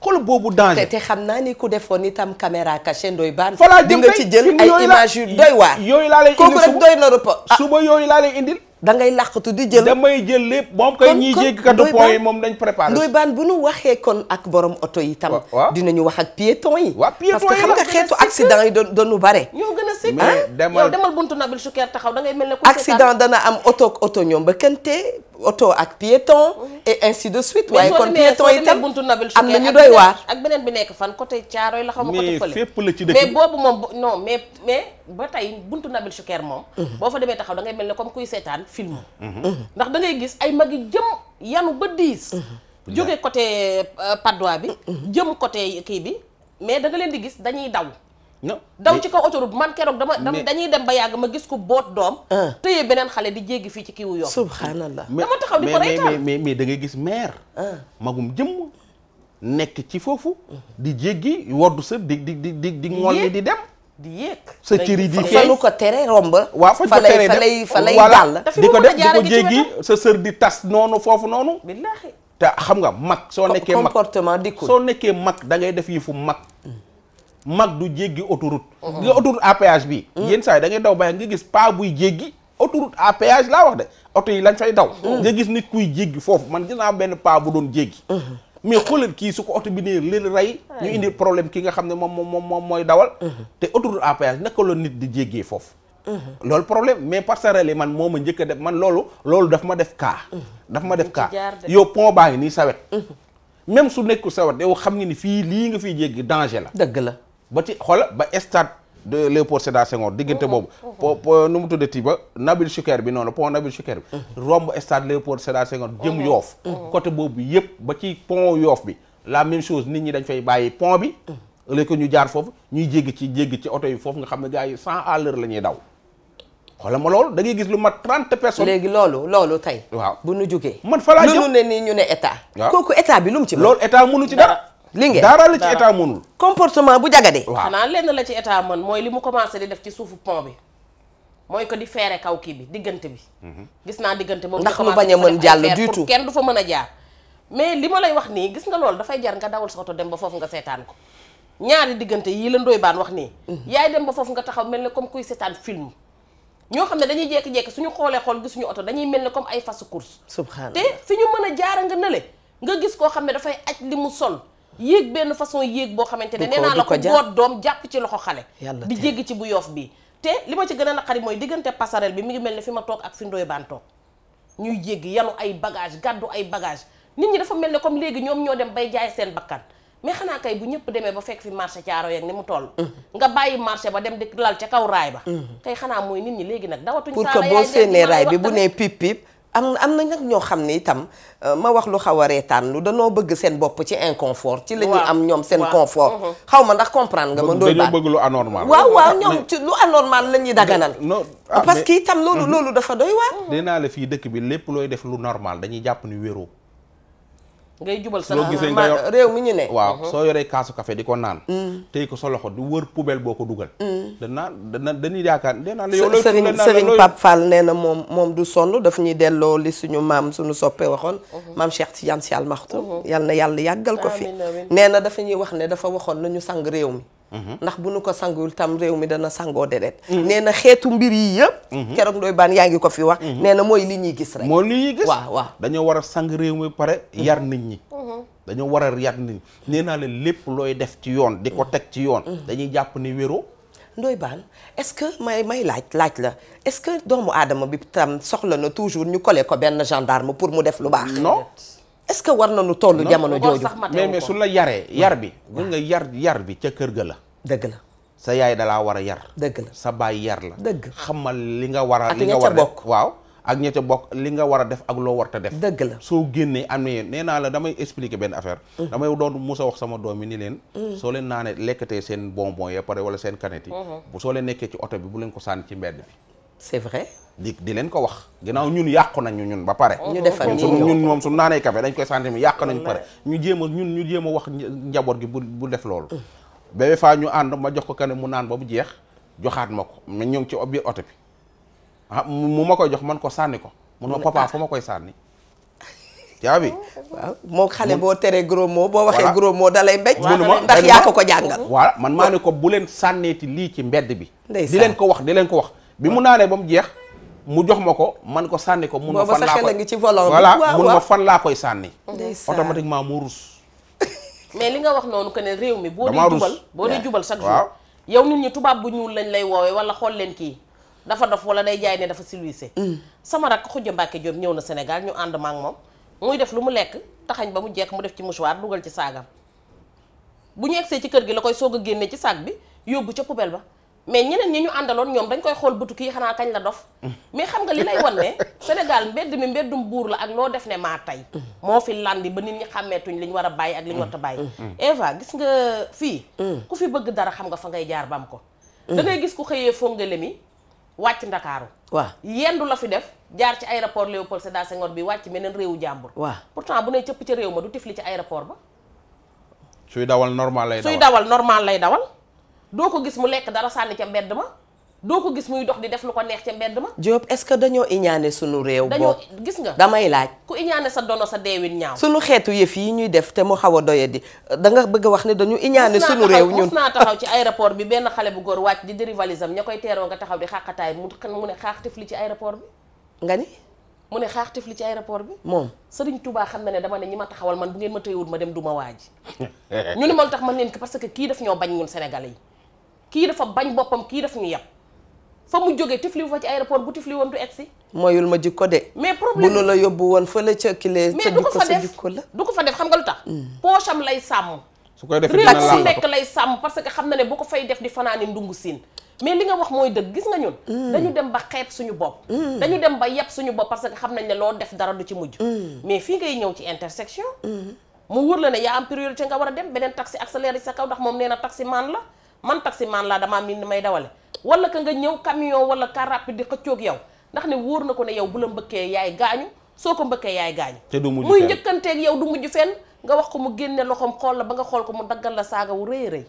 Speaker 4: xool boobu danger te xam naa ni ku defoon itam caméra
Speaker 1: cachée ndoy baan falaa jëm nga ci jël ay image
Speaker 4: yu doy waar laa lay indil kooku rek doy na reportage ah. suba yooyu laa lay indil da ngay làqatu di jël. damay jël lépp moom kay ñiy jéggkatu point yi moom lañ préparé. doy
Speaker 1: baan bu nu waxee kon ak borom oto yi tam. ñu wax ak piéton yi. waaw piéton yi parce que xam nga xeetu accident yi doon doonu bare.
Speaker 2: ñoo gën a sikk ah? yow demal buntu taxaw da ngay mel ne accident
Speaker 1: dana am oto ak oto ñoom ba kante oto ak piéton. Mhm. et ainsi de suite. waaye kon piéton yi tam am na ñu doy waar.
Speaker 2: ak beneen bi nekk fan côté Caaroy la xam nga côté fële. mais fépp ci dëkk mais boobu moom non mais mais ba tey buntu Nabil Choucair moom mhm. boo fa demee taxaw da ngay mel ni comme kuy seetaan film mhm. Mhm. ndax da ngay gis ay mag yi jëm yanu ba diis jóge côté euh, Padois bi jëm côté kii bi mais da leen di gis dañuy daw non daw ci kaw autoroute man keroog dama dañuy dem ba yàgg ma gis ko boot doom. Ah. tëye beneen xale di jéggi fii ci kiwu yoon. subhanallah
Speaker 4: dama taxaw di ko reytaan mais mais da ngay gis maire. Ah. magum jëmm nekk ci foofu. di jéggi woddu sa di di di di di ngolle di dem. di yéeg sa cër yi di feeñ fa ko tere romb. waaw fa ñu ko tere de fa lay dàll di ko def di ko jéggi sa sër di tas noonu foofu noonu. billaahi te xam nga mag. soo nekkee mag comportement dikkul soo nekkee mag da def yi fu mag. Mm. mag du jéggi autoroute. Mm-hmm. nga autoroute à péage bi. Mm. yenn saa yi da ngay daw ba nga gis pas buy jéggi. autoroute à laa wax de oto yi lañ fay daw. Mm. nga gis nit kuy jéggi foofu man gis naa benn pas bu doon jéggi. Mm-hmm. mais xoolal kii su ko oto bi nee leen rey ñu indi problème ki nga xam ne moom moom moom mooy dawal mhm. te autoroute à péage naka la nit di jéggee foofu mhm. loolu problème mais passerelle yi man moo ma njëkk a def man loolu loolu daf ma def kaa mhm. daf ma def kaa yow pont baa ngi nii sawet même su nekkul sawet yow xam nga ni fii lii nga fiy jéggi danger la dëgg la ba ci xoola ba stade de Léopold Sédar Senghor diggante oh, oh, boobu oh. nu mu tuddati ba Nabil Choucair bi noonu pont Nabil Choucair bi mm-hmm. romb stade Léopold Sédar Senghor jëm Yoff côté boobu yëpp ba ci pont Yoff bi la même chose nit ñi dañ fay bàyyi pont bi mm-hmm. jaar foofu ñuy jéggi ci jéggi ci oto yi foofu nga xam ne gars yi cent à l'heure la ñuy daw da ngay gis lu mat trente personnes. léegi loolu loolu tey. waaw bu nu jugee. man fa laa jëm
Speaker 1: lu ne nii ñu ne état. kooku état bi lu mu ci. loolu état mënu ci dara. li ngeen dara la ci état mënul. comportement bu jagade. waaw xanaa
Speaker 2: lenn la ci état mën mooy li mu commencé di def ci suufu pont bi mooy ko di feere kaw kii bi diggante bi. Mhm. gis naa diggante boobu. ndax mu bañ a mën jàll du tout kenn du fa mën a jaar. mais li ma wax nii gis nga loolu dafay jar nga dawal sa oto dem ba foofu nga seetaan ko ñaari diggante yii la Ndoye Bane wax nii. Mhm. yaay dem ba foofu nga taxaw mel ne comme kuy seetaan film. ñoo xam ne dañuy jékki suñu xoolee xool gisuñu oto dañuy mel ne comme ay fas course. subhanallah te fi ñu mën a jaar nga nële nga gis koo xam ne dafay aj li mu sol yéeg benn façon yéeg boo xamante ne nee naa la ko boot doom jàpp ci loxo xale di jégg ci bu yoof bi te li ma ci gën a naqari mooy diggante passerelle bi mi ngi mel ne fi ma toog ak fi ndoy baan ñuy jéggi yanu ay bagage gàddu ay bagage nit ñi dafa mel ne comme léegi ñoom ñoo dem bay jaay seen bakkan mais xanaa kay bu ñëpp demee ba fekk fi marché caaro yeeg ni mu toll mm. nga bàyyi marché ba dem di lal ca kaw raay ba mm. tey xanaa mooy nit ñi léegi nag dawatuñ pour que boo séenee raay bi bu nee
Speaker 1: pip pip am am na nag ñoo xam ne itam euh, ma wax lu xaw a reetaan lu danoo bëgg seen bopp ci inconfort ci la ñuy am ñoom seen confort mhm. xaw ma ndax comprendre nga ma ndoy baat dañoo bëgg
Speaker 4: lu anormal waaw waaw ñoom ci lu anormal la ñuy daganal ah, parce que itam loolu mhm. loolu
Speaker 1: dafa doy waar
Speaker 4: naa la fii dëkk bi lépp looy def lu normal dañuy jàpp ni wéroo
Speaker 2: ngay jubal sa réew mi ñu
Speaker 4: ne waaw mhm. soo yoree kaasu café di ko naan mm. tey ko sa loxo du wër poubelle boo ko dugal mm. danaa dana dañuy yaakaar de naan yow sëriñ sëriñ Pape Fall nee na
Speaker 1: moom moom du sonn daf ñuy delloo li suñu maam suñu soppee waxoon mhm. maam Cheikh Tidiane Sy Al Maktoum mhm. yal na yàlla yàggal ko fi nee na dafa ñuy wax ne dafa waxoon nañu sang réew mi Mm-hmm. ndax bu nu ko sangul tam réew mi dana sangoo deret mm-hmm. nee na xeetu mbir yi yëpp. Mm-hmm. keroog doy baan yaa ngi ko
Speaker 4: fi wax. nee na mooy li ñuy gis rek. mooy li ñuy gis waaw waaw. dañoo war a sang réew mi pare yar nit ñi. dañoo war a yar nit ñi nee naa leen lépp looy def ci yoon di ko teg ci yoon. dañuy jàpp ni wéro Ndoye Bane est-ce que may may laaj laaj la est-ce que doomu aadama bi
Speaker 1: tam soxla na toujours ñu kolee ko benn gendarme pour mu def lu baax. non est-ce que war nañu toll
Speaker 4: jamono jooju mais mais su la yaree yar bi mun nga yar yar bi ca kër ga la dëgg la sa yaay dalaa war a yar dëgg la sa baay yar la dëgg xamal li nga war a li nga war a bokk waaw ak ña ca li nga war a def ak loo war ta def dëgg la soo génnee am na yéen nee naa la damay expliquer benn affaire mm. damay doon musa wax sama doom yi ni leen mm. soo leen naanee lekkatee seen bonbon ya pare wala seen kanet yi mm-hmm. bu soo leen nekkee ci oto bi bu leen ko sànni ci mbedd bi c'est vrai. di di leen ko wax ginnaaw ñun yàqu nañu ñun ba pare. ñu defar nii ñun moom suñu naanee café dañ koy sentir yàq nañu pare. ñu jéem a ñun ñu jéem a wax njaboot gi bu bu def loolu. bébé fa ñu ànd ma jox ko kane mu naan ba mu jeex joxaat ma ko mais ñoo ngi ci biir oto bi ah, mu ma koy jox man ko sànni ko. mun ma papa fa ma koy sànni. yaa bi waaw moo xale boo teree gros mot boo waxee gros mot da lay mbéj ndax yaa ko ko jàngal waa man maa ne ko bu leen sànneeti lii ci mbedd bi di leen ko wax di leen ko wax bi mu naanee ba mu jeex mu jox ma ko man ko sànni ko mun ma fan laa koy ci volant voilà mun ma fan laa koy sànni automatiquement mu rus
Speaker 2: mais li nga wax noonu que ne réew mi boo dee jubal boo dee jubal chaque jour yow nit ñi tubaab bu ñuul lañ lay woowee wala xool leen kii dafa dof wala day jaay ne dafa silwise mm. sama rakk Khoudia Mbacké Diop ñëw na Sénégal ñu ànd ma ak moom muy def lu mu lekk taxañ ba mu jekk mu def ci mouchoir dugal ci saagam bu ñu egsee ci kër gi la koy soog a génne ci saag bi yóbbu ca poubelle ba mais ñeneen ñi ñu àndaloon ñoom dañ koy xool bëtu kii xanaa kañ la dof mais xam nga li lay wan ne Sénégal mbedd mi mbeddum buur la ak loo def ne maa tey moo fi landi ba nit ñi xàmmeetuñ li ñu war a bàyyi ak li ñu a bàyyi Eva gis nga fii ku fi bëgg dara xam nga fa ngay jaar bam ko da ngay gis ku xëyee fongale mi wàcc ndakaaru waaw yendu la fi def jaar ci aéroport Léopold Sédar Senghor bi wàcc meneen réewu jàmbur waaw pourtant bu ne cëpp ca réew du tifli ci aéroport ba
Speaker 4: suy dawal normal lay dawal dawal
Speaker 2: normal lay dawal doo ko gis mu lekk dara sànni ca mbedd ma doo ko gis muy dox di def lu ko neex ca mbedd ma.
Speaker 4: Diop est-ce que dañoo
Speaker 1: iñaane sunu réew. dañoo
Speaker 2: gis nga damay laaj. ku iñaane sa dono sa deewin ñaaw. sunu
Speaker 1: xeetu yëf yi ñuy def te mu xaw a doyadi da nga bëgg a wax ne dañu iñaane sunu réew ñun mos
Speaker 2: naa taxaw ci aéroport bi benn xale bu góor wàcc di dérivalisme ña koy teeroo nga taxaw di xàqataay mu mu ne xaaxtif ci aéroport bi nga ni mu ne xaax tifli ci aéroport bi moom Serigne Touba xam na ne dama ne ñi ma taxawal man bu ngeen ma tëyewul ma dem du ma waaj ñu ne man tax man leen ko parce que kii daf ñoo bañ ñun sénégalais yi kii dafa bañ boppam kii daf ñu yab fa mu jógee tifli fa ci aéroport bu tifli woon du egg si.
Speaker 1: mooyul ma jikko de. mais problème bu nu la yóbbu woon fële ca kile. sa jikko sa jikko
Speaker 2: la du ko fa def xam nga lu tax. Hmm. poche lay sàmm.
Speaker 6: su koy
Speaker 1: defee dina laal nekk
Speaker 2: lay sàmm parce que xam na ne bu ko fay def di fanaani ndungu siin. mais li nga wax mooy dëgg gis nga ñun. Hmm. dañu dem ba xeet suñu bopp. Hmm. dañu dem ba yeb suñu bopp parce que xam nañ ne loo def dara du ci mujj. mais fii ngay ñëw ci intersection. mu wóor la ne yaa am priorité nga war a dem sa kaw ndax moom nee na taxi man la man taximaan laa damaa miin ni may dawale wala ka nga ñëw camion wala car rapide di xëccoog yow ndax ne wóor na ko ne yow bu la mbëkkee yaay gaañu soo ko mbëkkee yaay gaañu muy njëkkanteeg yow du mujj fenn nga wax ko mu génne loxoom xool la ba nga xool ko mu daggal la saaga wu rëy rëy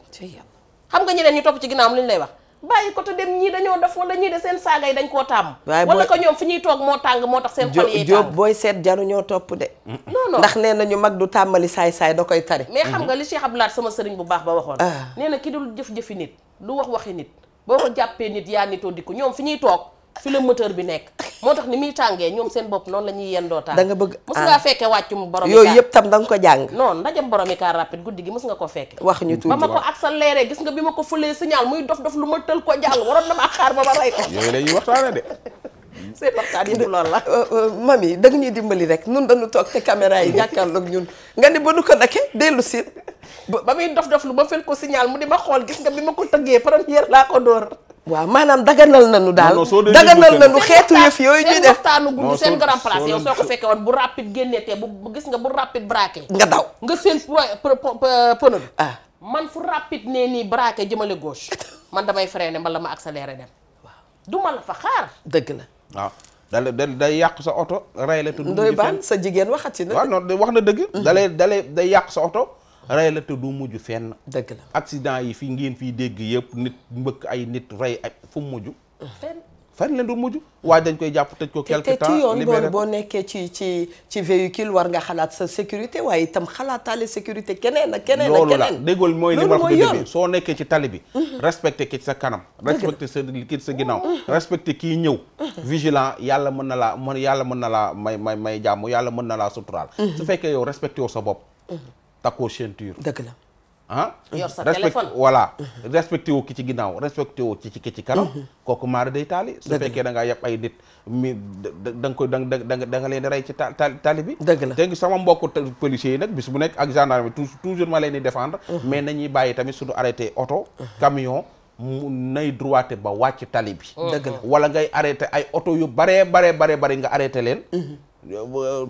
Speaker 2: xam nga ñeneen ñu topp ci ginnaawam li ñu lay wax bàyyi ko te dem ñii dañoo def wala ñii de seen saaga yi dañ koo tàmm. waaye wala ko ñoom fi ñuy toog moo tàng moo tax seen. xol yi tàng
Speaker 1: booy seet jaruñoo topp de. non non ndax nee ñu mag du tàmmali saay-saay da koy tari. mais xam nga
Speaker 2: li Cheikh Abdoulaye sama sëriñ bu baax ba waxoon. Ah. nee na ki dul jëf-jëfi nit lu wax waxi nit boo ko jàppee nit yaa nitoo di ko ñoom fi ñuy toog fi la moteur bi nekk moo tax ni muy tàngee ñoom seen bopp noonu la ñuy yendoo tàng da nga
Speaker 1: bëgg mos ah. ngaa
Speaker 2: fekkee wàccum borom yooyu
Speaker 1: yëpp tam da nga ko jàng
Speaker 2: non ndajam boromi car rapide guddi gi mos nga ko fekke wax ñu tuuti ba ma ko accéléré gis nga bi ma ko fulee signal muy dof dof lu ma tël ko jàll waroon na maa xaar ba ma rey ko
Speaker 4: yooyu la ñuy waxtaane de
Speaker 2: seen waxtaan
Speaker 1: yëpp euh, euh, ñuy dimbali rek nun dañu toog te caméra yi jàkkaarloog ñun nga ni ba nu ko nake dellu si ba muy dof dof lu ba fel ko signal mu di ma xool gis nga bi ma ko tëggee première laa ko dóor waaw maanaam daganal nañu daal daganal nañu xeetu yëf yooyu ñuy def waxtaanu gudd seen grand place yow soo ko fekkee
Speaker 2: woon bu rapide génneetee gis nga bu rapide braqué nga daw nga seen pneu bi ah man fu rapide ne nii braqué jëmale gauche man damay freiné mbala ma accéléré dem waaw du ma la fa xaar
Speaker 4: dëgg la waaw ah. dale da day yàq sa oto rey la tudd doy baan sa jigéen waxati na waaw non wax na dëgg mm-hmm. dalay dalay day yàq sa oto rey la te du mujju fenn. dëgg la accident yi fii ngeen fiy dégg yëpp nit mbëkk ay nit rey ay fu mu mujj. Ah. fenn fenn leen du mujj waaye dañ koy jàpp tëj ko. quelque temps te ci boobu boo
Speaker 1: nekkee ci ci ci véhicule war nga xalaat sa sécurité waaye itam xalaataale sécurité keneen ak keneen ak keneen.
Speaker 4: loolu la mooy li ma ko soo nekkee ci tali bi. Mm-hmm. respecté ki sa kanam. respecté sa ki sa ginnaaw. Mm-hmm. respecté kii ñëw. Mm-hmm. vigilant yàlla mën na laa mën yàlla mën na laa may may may jàmm yàlla mën na laa suturaal. su fekkee yow respecté sa bopp. takkoo ceinture. dëgg la ah. yor sa téléphone voilà. Mmh. respecté woo ki ci ginnaaw respecté woo ci ki ci kanam. Mmh. kooku maara day taali. su fekkee da ngaa yab ay nit mi da nga koy da nga da nga leen di rey ci taali bi. dëgg la dégg sama mbokku policiers yi nag bis bu nekk ak gendarme toujours toujours ma leen di défendre. Mmh. mais nañuy bàyyi tamit suñu arrêté oto. camion. mu nay droité ba ci tali bi. dëgg la wala ngay arrêté ay oto yu baree bare baree bari nga arrêté leen.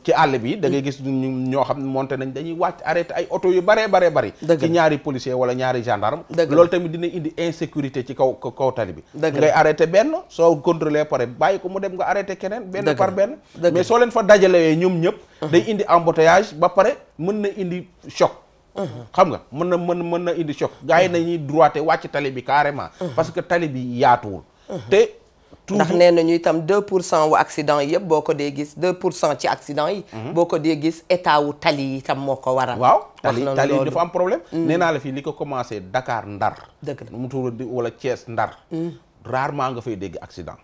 Speaker 4: ci àll bi da ngay gis ñoo xam ne monté nañ dañuy wàcc arrêté ay oto yu baree baree bari ci ñaari policier wala ñaari gendarme loolu tamit dina indi insécurité ci kaw kaw tali bi ngay arrêté benn soo contrôlé pare bàyyi ko mu dem nga arrêté keneen benn par benn mais soo leen fa dajalee ñoom ñëpp uh-huh. day indi embouteillage ba pare mën na indi chock uh-huh. xam nga mën na mën mën na indi choc gars yi uh-huh. nañuy droité wàcc tali bi carrément parce que tali bi yaatuwul te ndax nee ñu itam 2 pour cent wu accident
Speaker 1: yi yëpp boo ko dee gis 2 pour cent ci accident yi. Mhm. boo ko dee gis état wu tali yi itam moo ko waral.
Speaker 4: waaw tali tali dafa am problème. Mm. nee naa la fii li ko commencé Dakar Ndar. dëgg la mu tudd wala Thiès Ndar. Mm. nga fay dégg accident.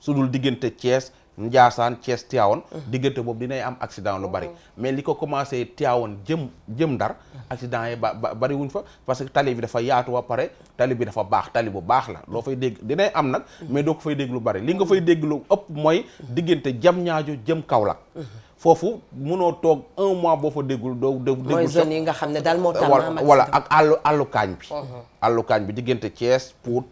Speaker 4: su dul diggante Thiès Ndiassane Thiès Thiawane diggante boobu dinay am accident lu bari mais li ko commencé Thiawane jëm jëm Ndar accident yi ba fa parce que tali bi dafa yaatu ba pare tali bi dafa baax tali bu baax la loo fay dégg dinay am nag mais doo ko fay dégg lu bari li nga fay dégg lu ëpp mooy diggante jam ñaaju jëm Kaolack foofu mënoo toog un mois boo fa déggul doo déglu mooy zone yi
Speaker 1: nga xam ne daal moo tax voilà
Speaker 4: ak àllu àllu kaañ bi àllu kaañ bi diggante Thiès Pout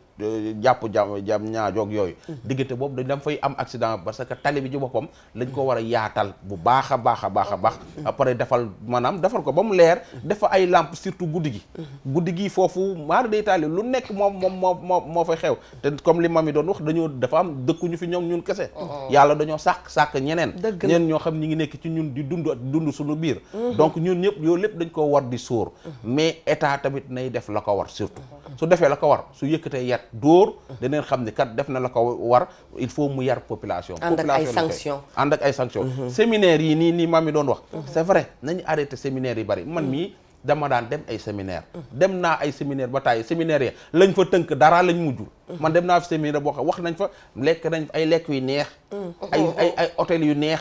Speaker 4: jàpp jam jam ñaajoog yooyu diggante boobu dañ fay am accident parce que tali bi ci boppam lañ ko war a yaatal bu baax a baax a baax a baax après defal maanaam defal ko ba mu leer dafa ay lampe surtout guddi gi gi foofu maara day taali lu nekk moom moom moo moo moo fay xew te comme li mami doon wax dañoo dafa am dëkkuñu fi ñoom ñun kese oh, oh. yàlla dañoo sàkk sàkk ñeneen ñeneen ñoo xam ñi ngi nekk ci ñun di dund dund suñu biir mm-hmm. donc ñun ñëpp yooyu lépp dañ ko war di sóor mm-hmm. ma état tamit nay def la ko war surtout su defee la dóor daneen xam ni kat def na la ko war il faut mu yar population ànd ak ay sanctions ànd ay sanctions mhm. séminaires yi nii nii maam mi doon wax mhm. c'est vrai nañu arrêté séminaires yi bari man mhm. mii dama daan dem ay séminaire dem naa ay séminaire ba tàyyi séminaire ya lañ fa tënk dara lañ mu mujj man dem naa fi séminaire boo xam wax nañ fa lekk nañ ay lekk yu neex ay ay ay hôtel yu neex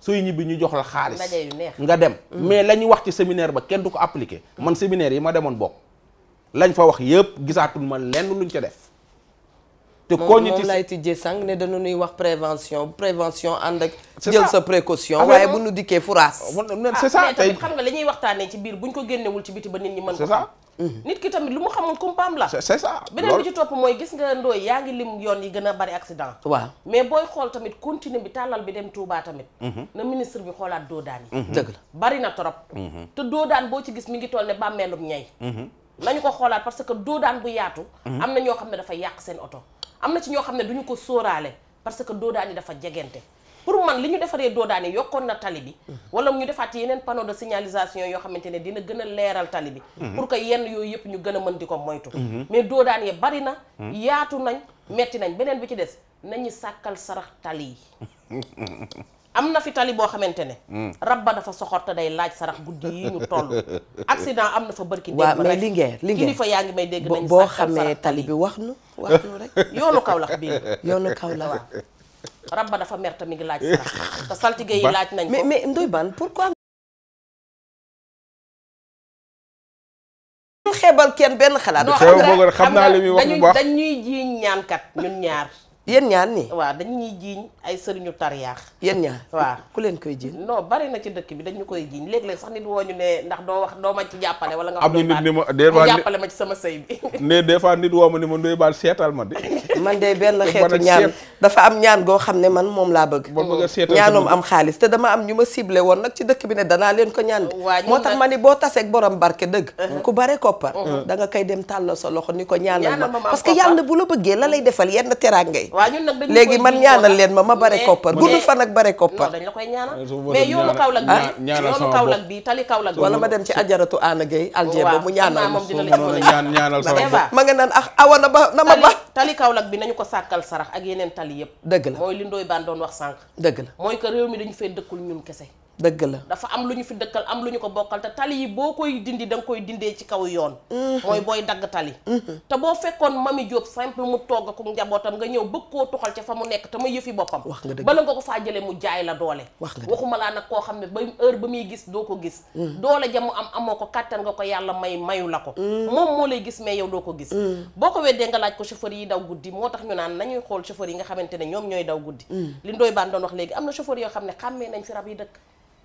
Speaker 4: sooy ñibbi ñu jox la xaalis nga dem mais la ñu wax ci séminaire ba kenn du ko appliqué man séminaire yi ma demoon bokk lañ fa wax yëpp gisaatul ma lenn luñ ca def. te koo ñu ci moom lay
Speaker 1: tijjee sànq ne dañu nuy wax prévention prévention ànd ak. jël sa précaution waaye bu nu dikkee furaas. Ah, c'est ah, ça tey xam
Speaker 2: nga li ñuy waxtaanee ci biir buñ ko génnewul ci biti ba nit ñi man ko xam. nit ki tamit lu mu xamul kumpaam la. c'est ça beneen bi ci topp mooy gis nga ndooy yaa ngi lim yoon yi gën a bari accident. waaw mais booy xool tamit continuer bi tàllal bi dem Touba tamit. Mhm. na ministre bi xoolaat doodaan yi. Mhm. dëgg la na trop. Mhm. te doodaan boo ci gis mi ngi toll ne bàmmeelum nañu ko xoolaat parce que doodaan bu yaatu mhm. am na ñoo xam ne dafa yàq seen oto am na ci ñoo xam ne duñu ko sóoraale parce que doodaan yi dafa jegente pour man li ñu defaree doodaan yi yokkoon na tali bi mhm. wala ñu defaat yeneen panneau de signalisation yoo xamante ne dina gën leeral tali bi mhm. pour que yenn yooyu yëpp ñu gën a mën di ko moytu mais doodaan yi bari na yaatu nañ metti nañ beneen bi ci des nañu sàkkal sarax tali yi am na fi tali boo xamante ne. Hmm. ba dafa soxor te day laaj sarax guddi yi ñu toll.
Speaker 1: accident
Speaker 2: am na fa bërki démb rek waaw mais Linguère may dégg boo xamee
Speaker 1: tali bi wax nu wax nu rek. yoonu Kaolack bii
Speaker 2: dafa mer mi ngi
Speaker 1: laaj sarax te saltige yi laaj nañ ko mais mais Ndoye Bane pourquoi. xeebal kenn benn xalaat.
Speaker 4: xew xam naa li wax bu baax
Speaker 2: dañuy jiiñ ñaankat ñun ñaar. yéen ñaan nii waaw dañ ñuy jiiñ ay sëriñu tariyaax yéen
Speaker 4: ñaan waaw
Speaker 2: ku leen koy jiiñ
Speaker 4: noo bari na ci dëkk
Speaker 2: bi dañu koy jiiñ léeg-léeg sax nit wooñu ne ndax doo wax doo ma ci jàppale wala nga am na nit ni ma des sama sëy bi
Speaker 4: ne des fois nit woo ma ma de
Speaker 1: man de benn xeetu ñaan dafa am ñaan goo xam ne man moom laa bëgg ñaanoom am xaalis te dama am ñu ma ciblé woon nag ci dëkk bi ne danaa leen ko ñaan bi moo tax ma ni boo taseeg borom barke dëgg uh-huh. ku bare koppar uh-huh. da nga koy dem tàllal sa loxo ni ko ñaanal ma parce que yàlla bu la bëggee la lay defal yenn teraanga waaw
Speaker 2: ñun nag dañu léegi man ñaanal leen
Speaker 1: ma ma bare koppar gudd fan ak bare koppar dañ
Speaker 2: la
Speaker 4: koy ñaanal mais yoonu ah, Kaolack bi yoonu
Speaker 2: Kaolack bi tali ma dem ci
Speaker 1: ajaratu Anna Gueye aljeeba mu ñaanal moom dina ñaanal sama ma nga naan ah awa na
Speaker 2: ba na ma ba tali Kaolack bi nañu ko sàkkal sarax ak yeneen tali yëpp dëgg la mooy li ndooy baan doon wax sànq dëgg la mooy que réew mi dañu fee dëkkul ñun kese dëgg la dafa am lu ñu fi dëkkal am lu ñu ko bokkal te tali yi boo koy dindi da nga koy dindee ci kaw yoon. Mm-hmm. mooy booy dagg tali. Mm-hmm. te boo fekkoon mami Diop simple mu togg ak njabootam nga ñëw bëgg koo tuxal ca fa mu nekk te ma yëfi boppam. wax nga dëgg bala nga ko faa jëlee mu jaay la doole. wax nga dëgg waxuma laa nag koo xam ne ba heure ba muy gis doo ko gis. Mm-hmm. doole ja mu am amoo ko kattan nga ko yàlla may mayu la ko. moom moo lay gis mais yow doo ko gis. boo ko weddee nga laaj ko chauffeur yi daw moo tax ñu naan nañuy xool chauffeur yi nga xamante ne ñoom ñooy daw guddi. li Ndoye Bane doon am na chauffeur yoo xam ne xàmmee nañ fi rab yi dëkk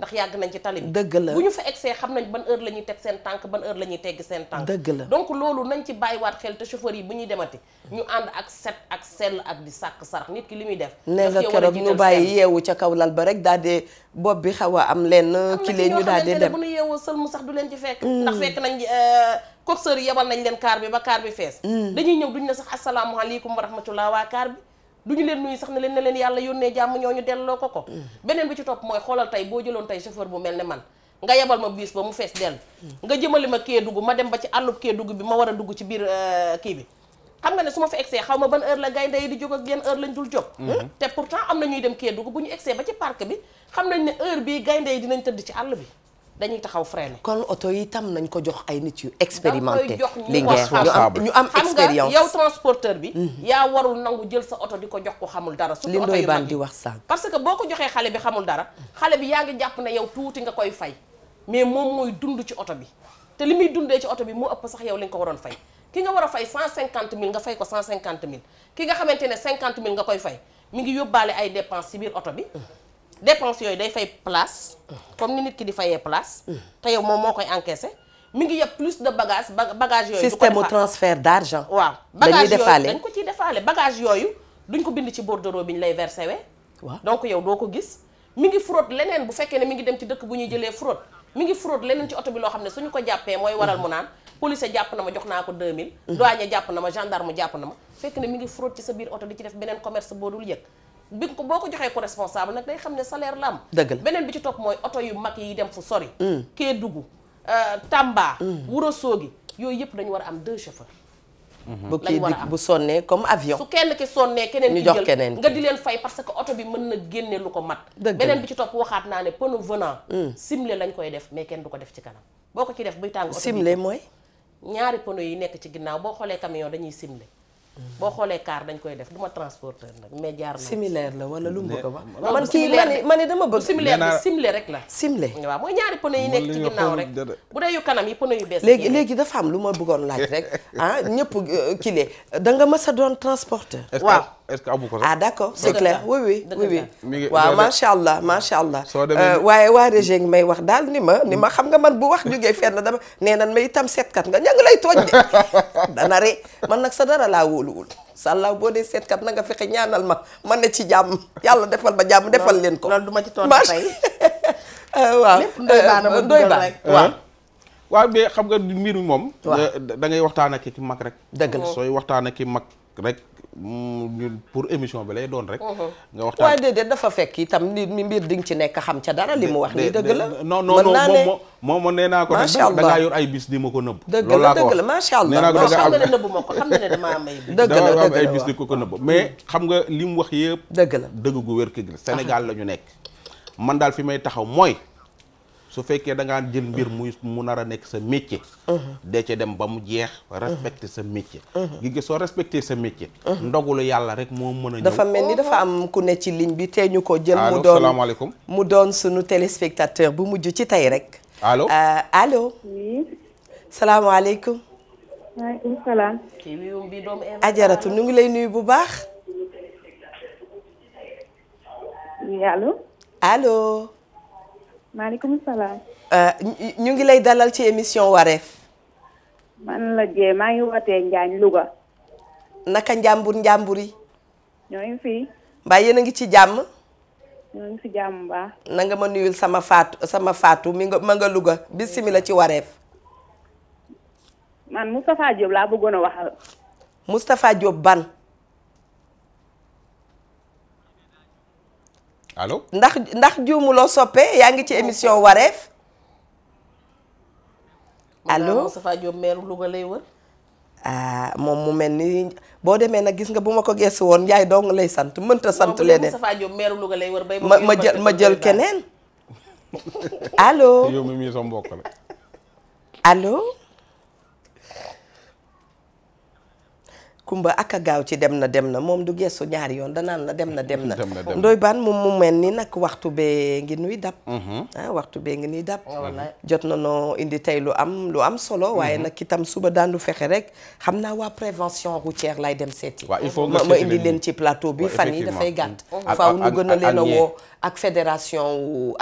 Speaker 2: ndax yàgg nañ ci tali bi dëgg la bu ñu fa egsee xam nañ ban heure la ñuy teg seen tànk ban heure la ñuy tegg seen tànk dëgg la donc loolu nañ ci bàyyiwaat xel te chauffeur yi bu ñuy demati ñu ànd ak set ak sell ak di sàkk sarax nit ki li muy def ne nga keroog ñu bàyyi yeewu
Speaker 1: ca kaw lal ba rek daal di bopp bi xaw a am leen ki leen ñu daal di dem bu ñu
Speaker 2: yeewoo sël mu sax du leen ci fekk mm. ndax fekk nañ euh, coxeur yi yebal nañ leen kaar bi ba kaar bi fees mm. dañuy ñëw duñ ne sax asalaamualeykum wa rahmatullah waa kaar bi du ñu leen nuyu sax na leen ne leen yàlla yónnee jàmm ñooñu delloo ko ko mm. beneen bi ci topp mooy xoolal tey boo jëloon tey chauffeur bu mel ne man nga yebal ma biis ba mu fees dell mm. nga jëmale ma Kédougou ma dem ba ci àllub Kédougou bi ma war a dugg ci biir euh, kii bi xam nga ne su ma fi egsee xaw ma ban heure la gaynde yi di jóg ak yan heure lañ dul jóg mm-hmm. te pourtant am na ñuy dem Kédougou bu ñu egsee ba ci parc bi xam nañ ne heure bii gaynde yi dinañ tëdd ci àll bi dañuy taxaw freiné.
Speaker 1: kon oto yi tam nañ ko jox ay nit yu expérimenté. li ngeen ñu am expérience xam nga yow
Speaker 2: transporteur bi. Mhm. yaa warul nangu jël sa oto di ko jox ko xamul dara. su oto yu mag di wax sànq. parce que boo ko joxee xale bi xamul dara xale bi yaa ngi jàpp ne yow tuuti nga koy fay mais moom mooy dund ci oto bi te li muy dundee ci oto bi moo ëpp sax yow lañ nga ko waroon fay ki nga war a fay 150 000 nga fay ko 150 000 ki nga xamante ne 50 000 nga koy fay mi ngi yóbbaale ay dépenses ci biir oto bi. dépense yooyu day fay place comme ni nit ki di fayee place te yow moom moo koy encaissé mi ngi yëpp plus de bagage bagage yooyu système de
Speaker 1: transfert d'argent
Speaker 2: waaw bagage yooyu dañ ko ciy defaale bagage yooyu duñ ko bind ci bordereau bi ñu lay versé we waaw donc yow doo ko gis mi ngi fraude leneen bu fekkee ne mi ngi dem ci dëkk bu ñuy jëlee fraude mi ngi fraude leneen ci oto bi loo xam ne su suñu ko jàppee mooy waral mu naan police jàpp na ma jox naa ko 2000 mm-hmm. douanier jàpp na ma gendarme jàpp na ma fekk ne mi ngi fraude ci sa ci def beneen commerce boo dul bi ko boo ko joxee ko responsable nag day xam ne salaire la am. dëgg la beneen bi ci topp mooy oto yu mag yi dem fu sori. kee mm. Kédougou euh, Tamba. Mm. Ourossogui yooyu yëpp dañu war a am deux chauffeurs.
Speaker 6: Mm-hmm.
Speaker 1: bu kii di bu sonnee comme avion. su
Speaker 2: kenn ki sonnee keneen ki jël nga di leen fay parce que oto bi mën na génne lu ko mat. beneen bi ci topp waxaat naa ne pneu venant. Mm. simle lañ koy def mais kenn du ko def ci kanam. boo ko ci def buy tàng oto bi simle mooy. ñaari pneu yi nekk ci ginnaaw boo xoolee camion dañuy simle. boo xoolee car dañ koy def du ma transporteur nag mais jaar na. similaire la wala lu mu bëgg a man kii man man dama bëgg. similaire la simile rek la.
Speaker 1: simile waaw
Speaker 2: mooy ñaari pneu yi nekk ci ginnaaw rek. bu dee yu kanam yi léegi
Speaker 1: léegi dafa am lu ma bëggoon laaj rek ah ñëpp euh, kile da nga mës a doon transporteur. waaw ko ah d'accord c'est clair oui oui oui waaw macha allah macha allah. soo euh, waaye waa Régé may wax daal ni ma ni ma xam nga man bu wax jógee fenn dama nee nan ma itam seetkat nga ña ngi lay tooj de dana man nag sa dara laa wóor wóoluwul sàllaaw boo dee seetkat na nga fexe ñaanal ma man ne ci jàmm yàlla defal ba jàmm defal leen ko loolu duma ci tontu tey eh, waaw lépp ndoy baa na eh, ndoy baa eh? waaw
Speaker 4: waaw mais xam nga mbir mi moom da ngay waxtaan ak ki mag rek dëgg la sooy waxtaan ak ki mag rek pour émission bi lay doon rek. Uh-huh. nga waxtaan waaye
Speaker 1: dafa fekk itam ni mbir di nga ci nekk xam ca dara li mu wax. nii dëgg la noonu non non moom
Speaker 4: moom moom neenaa naa ko. macha allah da yor ay bis di ma ko nëbb. loolu laa ko wax dëgg la dëgg la macha allah. nee naa
Speaker 1: ko ma ko xam nga ay
Speaker 4: dëgg la dëgg la bis di ko ko nëbb mais xam nga li mu wax yëpp. dëgg la dëgg gu wér kër gi Sénégal la ñu nekk man daal fi may taxaw mooy su fekkee da ngaa jël mbir muy mu nar a nekk sa métier. Uh-huh. dee ca dem ba mu jeex. Uh-huh. respecté sa métier. Uh-huh. gi gis soo respecté sa métier. ndogulu yàlla rek moo mën a ñëw. dafa mel
Speaker 1: ni dafa am ku ne ci liñ bi te ñu ko jël. mu doon salaamaaleykum mu doon téléspectateur bu mujj ci tey rek. allo euh, allo. oui. salaamaaleykum. salaam. kii bi ajaratu ñu ngi lay nuyu bu baax.
Speaker 5: maaleykum salaam.
Speaker 1: Euh, ñu ngi lay dalal ci émission wareef.
Speaker 5: man la jee maa ngi wootee Njaañ luga
Speaker 1: naka njàmbur njàmbur yi. ñoo ngi fi. mbaa yéen a ngi ci jàmm.
Speaker 5: ñoo ngi
Speaker 1: ma nuyul sama faatu sama faatu mi nga ma nga Louga bisimilah ci wareef.
Speaker 5: man Moustapha Diop laa bëggoon waxal.
Speaker 1: Moustapha Diop ban. allo ndax ndax juumuloo soppee yaa ngi ci oh. émission wareef allo Moustapha
Speaker 2: Diop Louga lay wër
Speaker 1: ah moom mu mel ni boo demee nag gis nga bu ma ko geesu woon yaay dong lay sant mënta sant leneen
Speaker 2: Moustapha Diop meeru Louga lay wër ma
Speaker 1: ma jël ma jël keneen
Speaker 7: allo yow mi
Speaker 1: kumba ak a gaaw ci dem na dem na moom du geesu ñaari yoon danaan la dem na dem na ndoy na moom mu mel na nag na bee ngi nuy dab mhm. ah waxtu bee ngi oh, jot na noo indi tey lu am lu am solo mhm. waaye nag itam suba daanu fexe rek xam naa waa prévention routière lay dem
Speaker 4: seeti ma indi leen ci plateau bi fan yi dafay gàtt faaw nu gën a leen a woo ak
Speaker 1: fédération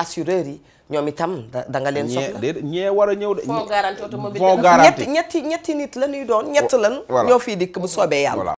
Speaker 1: assureurs yi ñoom itam da nga leen soxla
Speaker 4: ñee ñee war a ñëw de. foo
Speaker 6: garanti oto moom ñetti ñetti ñetti nit la ñuy doon ñett lan. ñoo fiy dikk bu soobee yàlla.